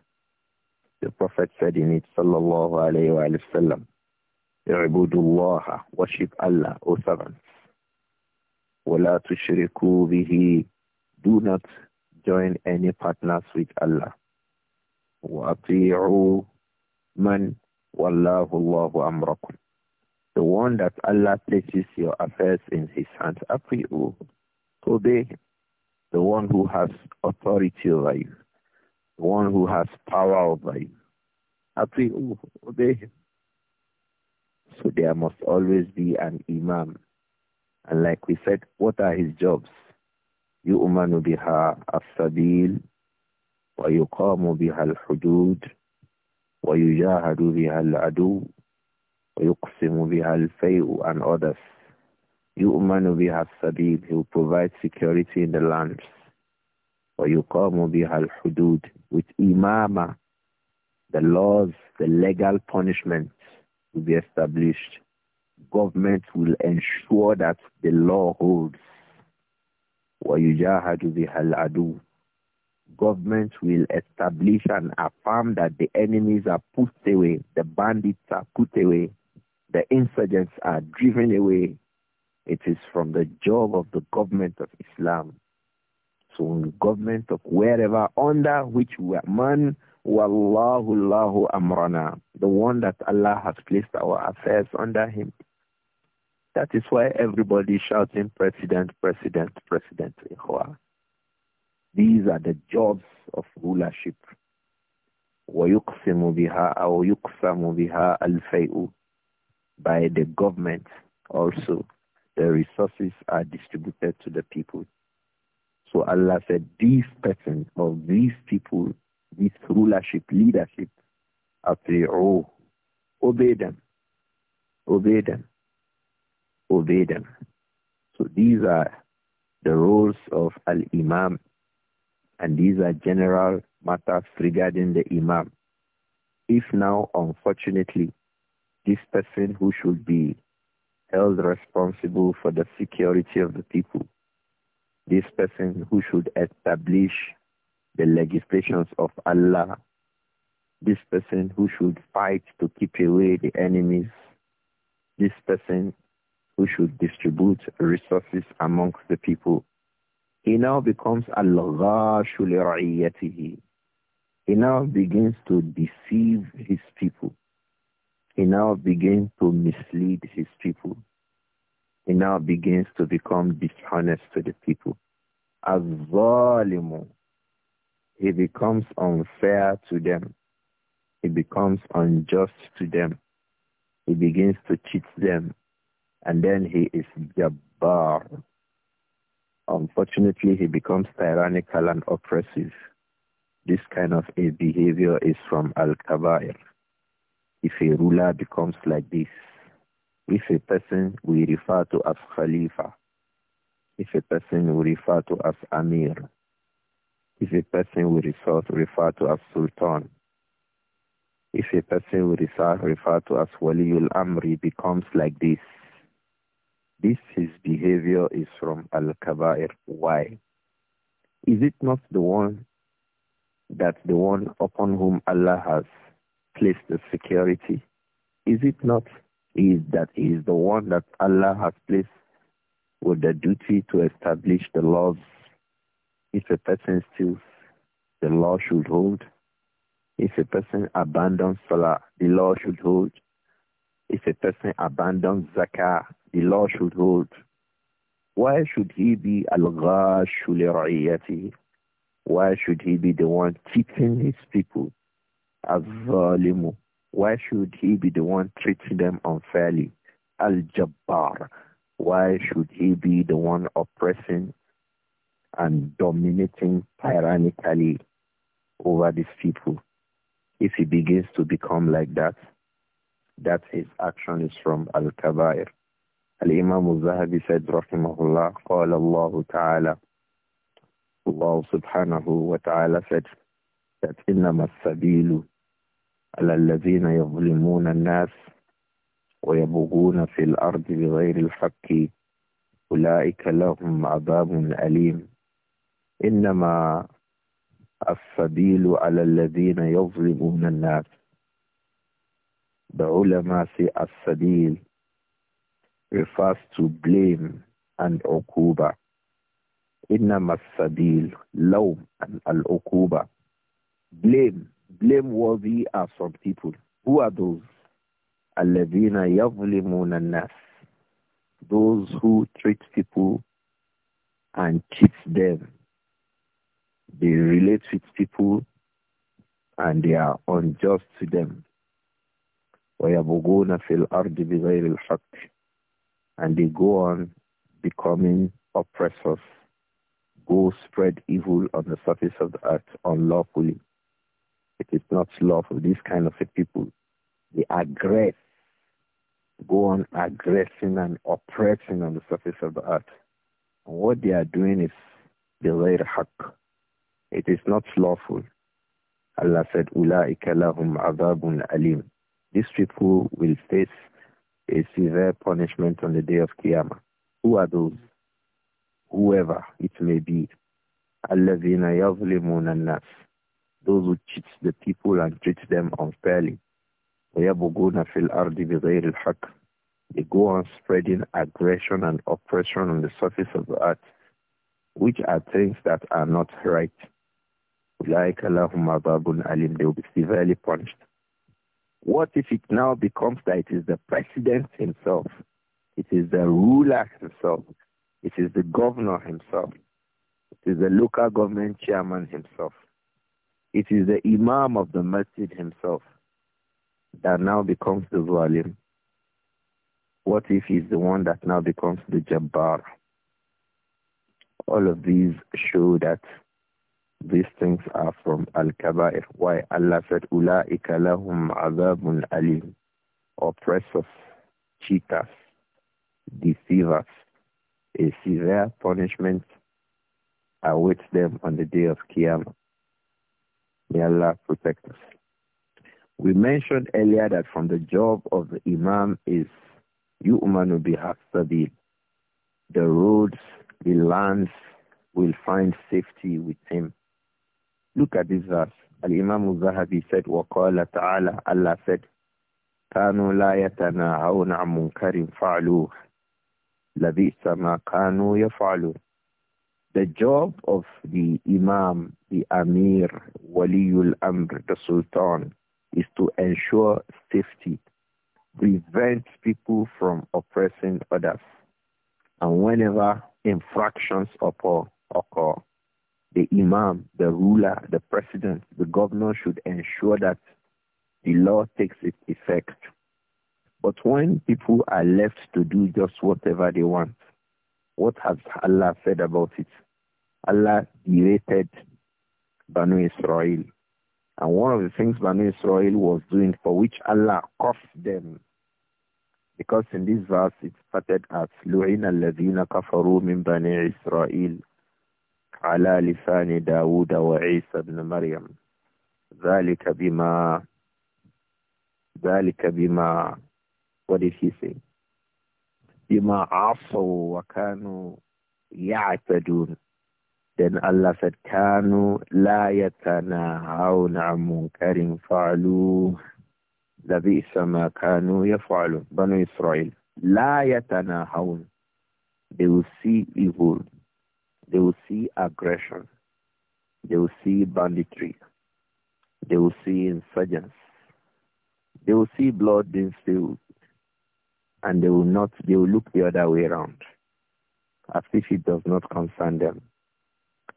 The Prophet said in it, sallallahu alayhi wa sallam, Ibudullah, worship Allah, O servants. Wala tushriku bihi, do not join any partners with Allah. Wati'u man wallahu Allahu amrakum. The one that Allah places your affairs in his hands, Afi'u, obey the one who has authority over you, the one who has power over you. Afi'u, obey him. So there must always be an imam. And like we said, what are his jobs? يؤمن بها السبيل ويقام بها الحدود ويجاهد بها العدو ويقسم بها الفيء and others. يؤمن بها السبيل He will provide security in the lands. ويقام بها الحدود With imama, the laws, the legal punishment to be established, government will ensure that the law holds. Government will establish and affirm that the enemies are put away, the bandits are put away, the insurgents are driven away. It is from the job of the government of Islam. So government of wherever under which man Wallahu Allahu amrana, the one that Allah has placed our affairs under him. That is why everybody shouting president, president, president. These are the jobs of rulership. by the government also the resources are distributed to the people. So Allah said, these persons, or these people this rulership, leadership, أطيعوه obey them, obey them, obey them. So these are the roles of al-imam and these are general matters regarding the imam. If now, unfortunately, this person who should be held responsible for the security of the people, this person who should establish the legislations of Allah, this person who should fight to keep away the enemies, this person who should distribute resources amongst the people. He now becomes al-ghashu li He now begins to deceive his people. He now begins to mislead his people. He now begins to become dishonest to the people. al it becomes unfair to them. It becomes unjust to them. He begins to cheat them. And then he is Jabbar. Unfortunately, he becomes tyrannical and oppressive. This kind of a behavior is from Al-Kabair. If a ruler becomes like this, if a person we refer to as Khalifa, if a person we refer to as Amir, if a person will resort refer to as sultan, if a person will resort refer to as waliul amri becomes like this, this his behavior is from al-kabair. Why? Is it not the one that the one upon whom Allah has placed the security? Is it not is that is he the one that Allah has placed with the duty to establish the laws if a person steals, the law should hold. If a person abandons Salah, the law should hold. If a person abandons Zakah, the law should hold. Why should he be al-ghashu li Why should he be the one cheating his people? al Why should he be the one treating them unfairly? Al-jabbar. Why should he be the one oppressing and dominating tyrannically over these people. If he begins to become like that, that his action is from Al-Kabair. Al-Imam al-Zahabi said, Rahimahullah, قال الله Ta'ala Allah subhanahu wa ta'ala said, that إنما السبيل على الذين يظلمون الناس ويبغون في الأرض بغير الحق أولئك لهم Adabun alim." إنما السبيل على الذين يظلمون الناس The ulama say as-sabil refers to blame and okuba. Innama as-sabil, lawm and al-okuba. Blame, blameworthy are some people. Who are those? Alladhina yavlimuna nas. Those who treat people and cheat them They relate with people and they are unjust to them. وَيَبُغُونَ فِي الْأَرْضِ بِغَيْرِ الْحَقِّ And they go on becoming oppressors, go spread evil on the surface of the earth unlawfully. It is not lawful. These kind of people, they aggress, go on aggressing and oppressing on the surface of the earth. And what they are doing is بِغَيْرِ حَقِّ it is not lawful. Allah said, أُولَٰئِكَ لَهُمْ عَذَابٌ alim." These people will face a severe punishment on the day of Qiyamah. Who are those? Whoever it may be. الَّذِينَ يَظْلِمُونَ nas. Those who cheat the people and treat them unfairly. وَيَبُغُونَ فِي الْأَرْضِ بِغَيْرِ الْحَقِّ They go on spreading aggression and oppression on the surface of the earth, which are things that are not right. Like Allahumma babun alim, they will be severely punished. What if it now becomes that it is the president himself, it is the ruler himself, it is the governor himself, it is the local government chairman himself, it is the imam of the masjid himself that now becomes the zalim? What if he's the one that now becomes the jabbar? All of these show that these things are from Al-Kaba'ir. Why? Allah said, Ula'ika lahum azabun alim. Oppressors, cheaters, deceivers. A severe punishment awaits them on the day of Qiyamah. May Allah protect us. We mentioned earlier that from the job of the Imam is يُؤْمَنُ بِهَا The roads, the lands will find safety with him. Look at this verse. Al-Imam zahabi said, Allah said, The job of the Imam, the Amir, Waliul Amr, the Sultan, is to ensure safety, prevent people from oppressing others, and whenever infractions occur, occur the imam, the ruler, the president, the governor should ensure that the law takes its effect. But when people are left to do just whatever they want, what has Allah said about it? Allah berated Banu Israel. And one of the things Banu Israel was doing for which Allah cursed them, because in this verse it started as, لُعِنَ الَّذِينَ كَفَرُوا مِنْ بَنِي إِسْرَائِيلِ على لسان داود وعيسى بن مريم ذلك بما ذلك بما what did he say بما عصوا وكانوا يعتدون then Allah said كانوا لا يتناهون عن منكر فعلوا لبئس ما كانوا يفعلون بنو إسرائيل لا يتناهون they will see evil they will see aggression. They will see banditry. They will see insurgents. They will see blood being spilled. And they will not, they will look the other way around as if it does not concern them.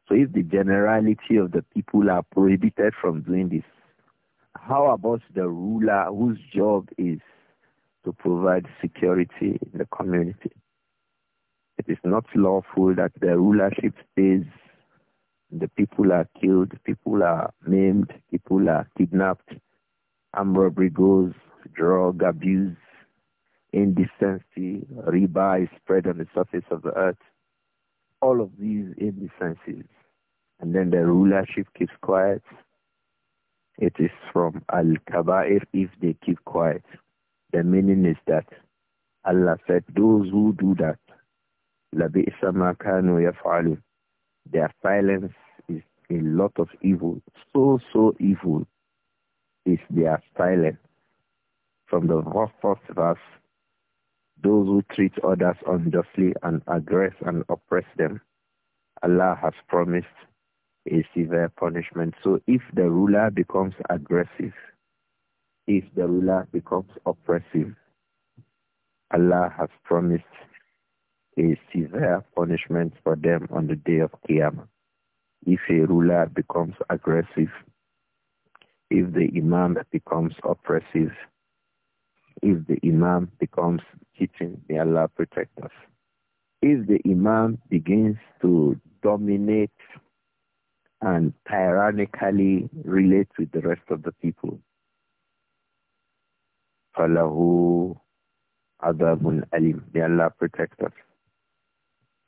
So if the generality of the people are prohibited from doing this, how about the ruler whose job is to provide security in the community? It is not lawful that the rulership stays. The people are killed, people are maimed, people are kidnapped, armed robbery goes, drug abuse, indecency, riba is spread on the surface of the earth. All of these indecencies. And then the rulership keeps quiet. It is from Al-Kaba'ir if they keep quiet. The meaning is that Allah said, those who do that, لَبِئْسَ مَا كَانُوا يَفْعَلُونَ Their silence is a lot of evil. So, so evil is their silence. From the first verse, those who treat others unjustly and aggress and oppress them, Allah has promised a severe punishment. So if the ruler becomes aggressive, if the ruler becomes oppressive, Allah has promised a severe punishment for them on the day of Qiyamah. If a ruler becomes aggressive, if the imam becomes oppressive, if the imam becomes cheating, may Allah protect us. If the imam begins to dominate and tyrannically relate with the rest of the people, فَلَهُ عَذَابٌ أَلِيمٌ May Allah protect us.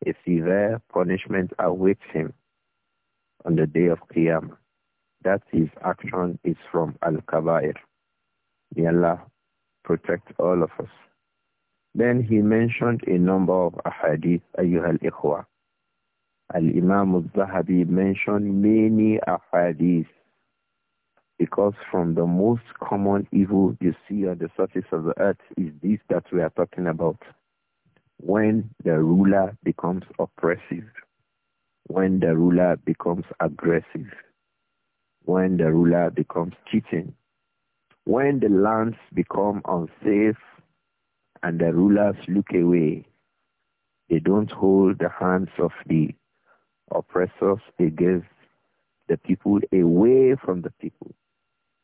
A severe punishment awaits him on the day of Qiyamah. That his action is from Al-Kabair. May Allah protect all of us. Then he mentioned a number of ahadith, ikhwa. Al-Imam al-Zahabi mentioned many ahadith because from the most common evil you see on the surface of the earth is this that we are talking about when the ruler becomes oppressive, when the ruler becomes aggressive, when the ruler becomes cheating, when the lands become unsafe and the rulers look away, they don't hold the hands of the oppressors against the people away from the people.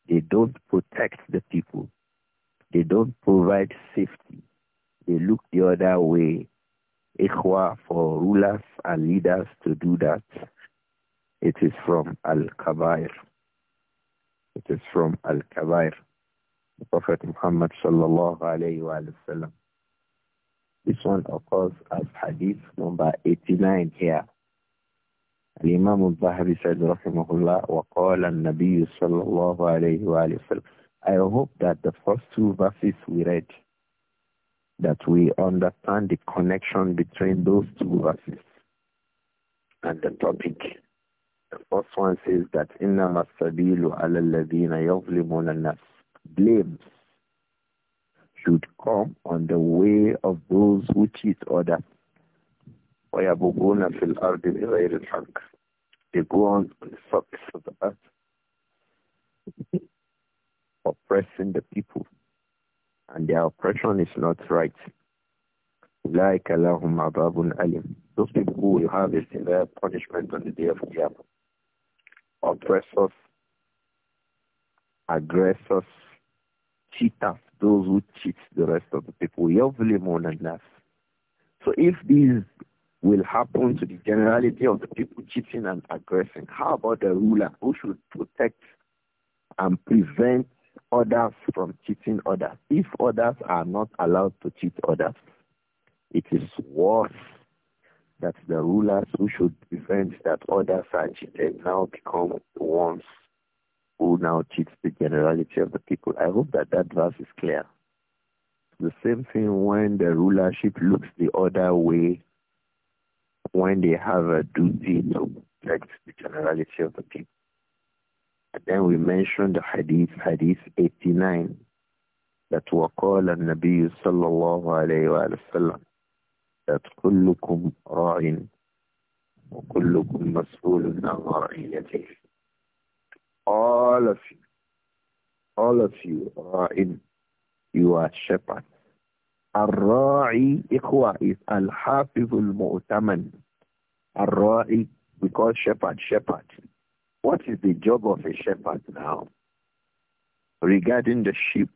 They don't protect the people. They don't provide safety they look the other way. Ikhwa for rulers and leaders to do that. It is from Al-Kabair. It is from Al-Kabair. The Prophet Muhammad sallallahu alayhi wa sallam. This one occurs as hadith number 89 here. الإمام الظاهري said رحمه الله وقال النبي صلى الله عليه وآله وسلم I hope that the first two verses we read that we understand the connection between those two verses and the topic. The first one says that إِنَّمَا السَّبِيلُ عَلَى الَّذِينَ يَظْلِمُونَ النَّاسِ Blames should come on the way of those who cheat others. وَيَبُغُونَ فِي الْأَرْضِ بِغَيْرِ الْحَقِّ They go on on the surface of the earth, oppressing the people and their oppression is not right. Like Allahum Ababun Alim. Those people who will have a severe punishment on the day of Qiyam. Oppressors, aggressors, cheaters, those who cheat the rest of the people. more and Nas. So if these will happen to the generality of the people cheating and aggressing, how about the ruler who should protect and prevent others from cheating others. If others are not allowed to cheat others, it is worse that the rulers who should prevent that others are cheated now become the ones who now cheat the generality of the people. I hope that that verse is clear. The same thing when the rulership looks the other way when they have a duty to protect the generality of the people. Then we mentioned the hadith, hadith 89, that وقال النبي صلى الله عليه وسلم that كلكم راع وكلكم مسؤول عن رعيته. All of you, all of you راع, you are shepherds. الراعي إخوة is الحافظ المؤتمن. الراعي we call shepherd, shepherd. What is the job of a shepherd now? Regarding the sheep,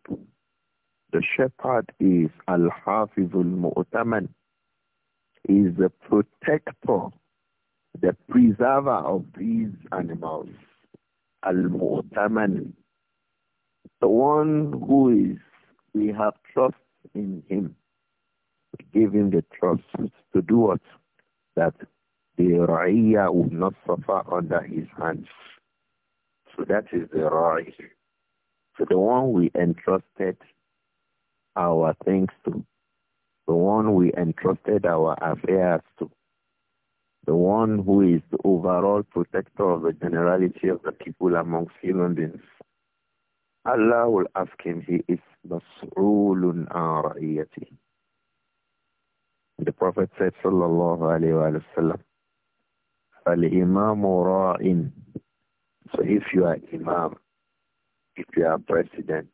the shepherd is Al-Hafizul Mu'taman. He is the protector, the preserver of these animals. Al-Mu'taman. The one who is, we have trust in him. We give him the trust to do what? That the ra'iyah will not suffer under his hands. So that is the ra'i. So the one we entrusted our things to, the one we entrusted our affairs to, the one who is the overall protector of the generality of the people amongst human beings. Allah will ask him, he is mas'ulun an The Prophet said, sallallahu alayhi wa sallam, Al-Imam Ra'in. So if you are Imam, if you are President,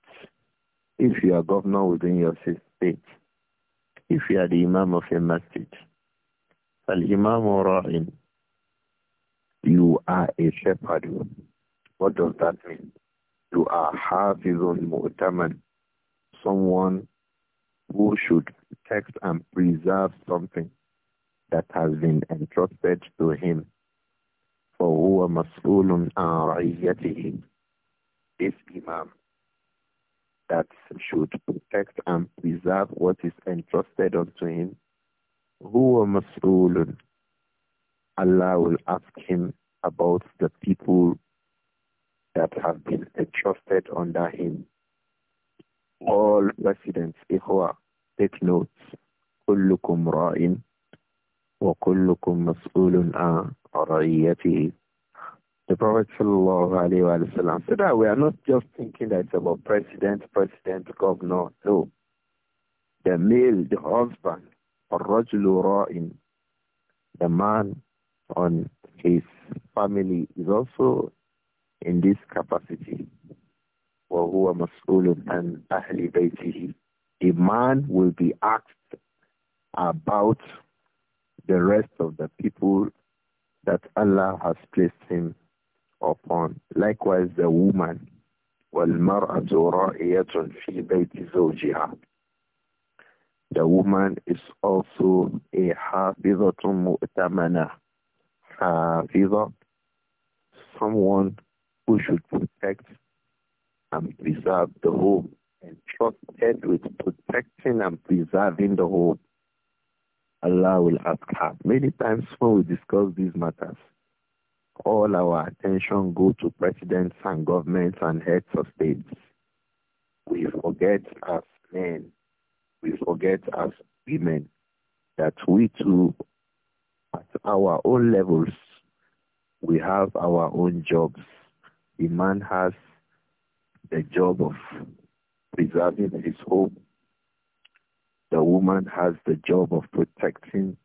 if you are Governor within your state, if you are the Imam of a masjid, Al-Imam Ra'in, you are a shepherd. What does that mean? You are Hafizun Mu'taman, someone who should protect and preserve something that has been entrusted to him فهو مسؤول عن رعيته. This Imam that should protect and preserve what is entrusted unto him. Who are mas'ulun? Allah will ask him about the people that have been entrusted under him. All residents, Ihwa, take notes. Kullukum ra'in وَكُلُّكُمْ عَنْ رَعِيَّتِهِ The Prophet ﷺ said that we are not just thinking that it's about president, president, governor. No. The male, the husband, الرجل راء The man on his family is also in this capacity. وهو مسؤول عن A man will be asked about the rest of the people that Allah has placed him upon. Likewise, the woman, وَالْمَرْأَةُ رَائِيَةٌ فِي bayti زَوْجِهَا The woman is also a حافظة mu'tamana, حافظة, someone who should protect and preserve the home, entrusted with protecting and preserving the home. Allah will ask her. Many times when we discuss these matters, all our attention go to presidents and governments and heads of states. We forget as men, we forget as women that we too, at our own levels, we have our own jobs. The man has the job of preserving his home, the woman has the job of protecting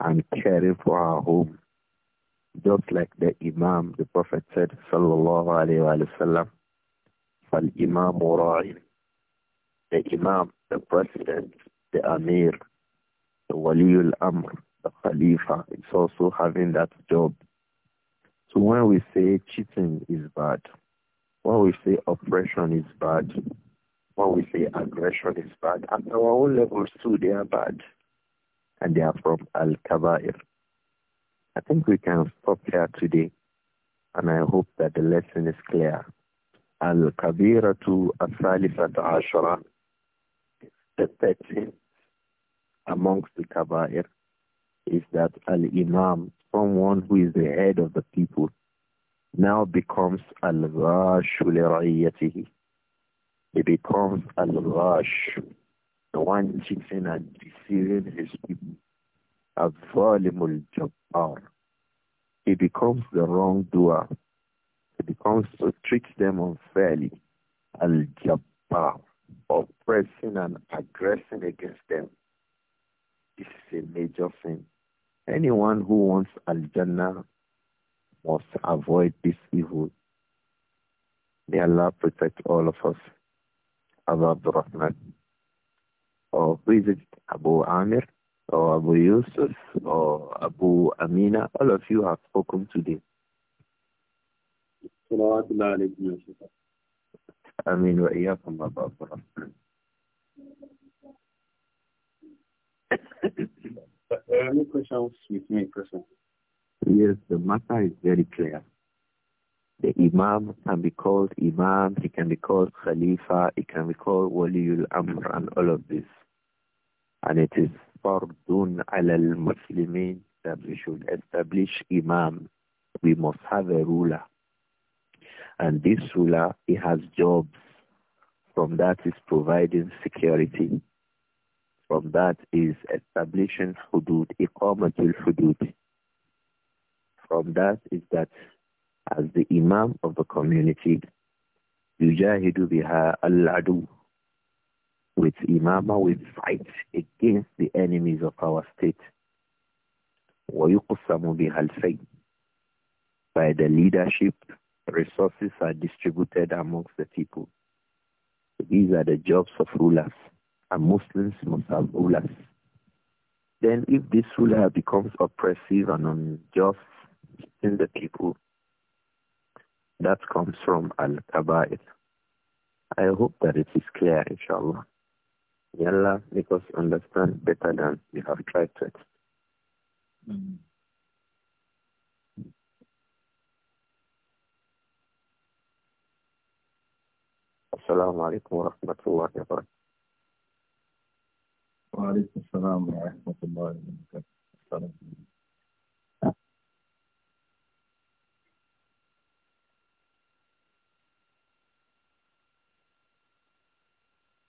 and caring for her home. Just like the Imam, the Prophet said, Sallallahu Alaihi Wasallam, Fal Imam The Imam, the President, the Amir, the Waliul Amr, the Khalifa, is also having that job. So when we say cheating is bad, when we say oppression is bad, when we say aggression is bad, at our own levels too, they are bad. And they are from Al-Kaba'ir. I think we can stop here today. And I hope that the lesson is clear. Al-Kabiratu Al-Thalifat Ashara. The 13th amongst the Kaba'ir is that Al-Imam, someone who is the head of the people, now becomes Al-Rashu it becomes al rush. the one cheating and deceiving his people, a zalimul jabbar. He becomes the wrongdoer. He becomes to treat them unfairly, al-jabbar, oppressing and aggressing against them. This is a major sin. Anyone who wants al-jannah must avoid this evil. May Allah protect all of us. Abu Abdurrahman, or visit it, Abu Amir, or Abu Yusuf, or Abu Amina, all of you have spoken today. آمين وإياكم أبا abu Abdurrahman. Uh, any questions with me, person? Yes, the matter is very clear. The Imam can be called Imam, he can be called Khalifa, he can be called Waliul Amr and all of this. And it is fardun ala al-Muslimin that we should establish Imam. We must have a ruler. And this ruler, he has jobs. From that is providing security. From that is establishing hudud, iqamatul hudud. From that is that as the imam of the community, yujahidu biha al-adu, with imama we fight against the enemies of our state. وَيُقْسَمُ بِهَا الْفَيْءٍ By the leadership, resources are distributed amongst the people. These are the jobs of rulers, and Muslims must have rulers. Then if this ruler becomes oppressive and unjust in the people, that comes from Al-Kaba'ir. I hope that it is clear, inshallah. Yalla, Allah make us understand better than we have tried to explain. السلام عليكم ورحمة wa وبركاته وعليكم السلام ورحمة الله وبركاته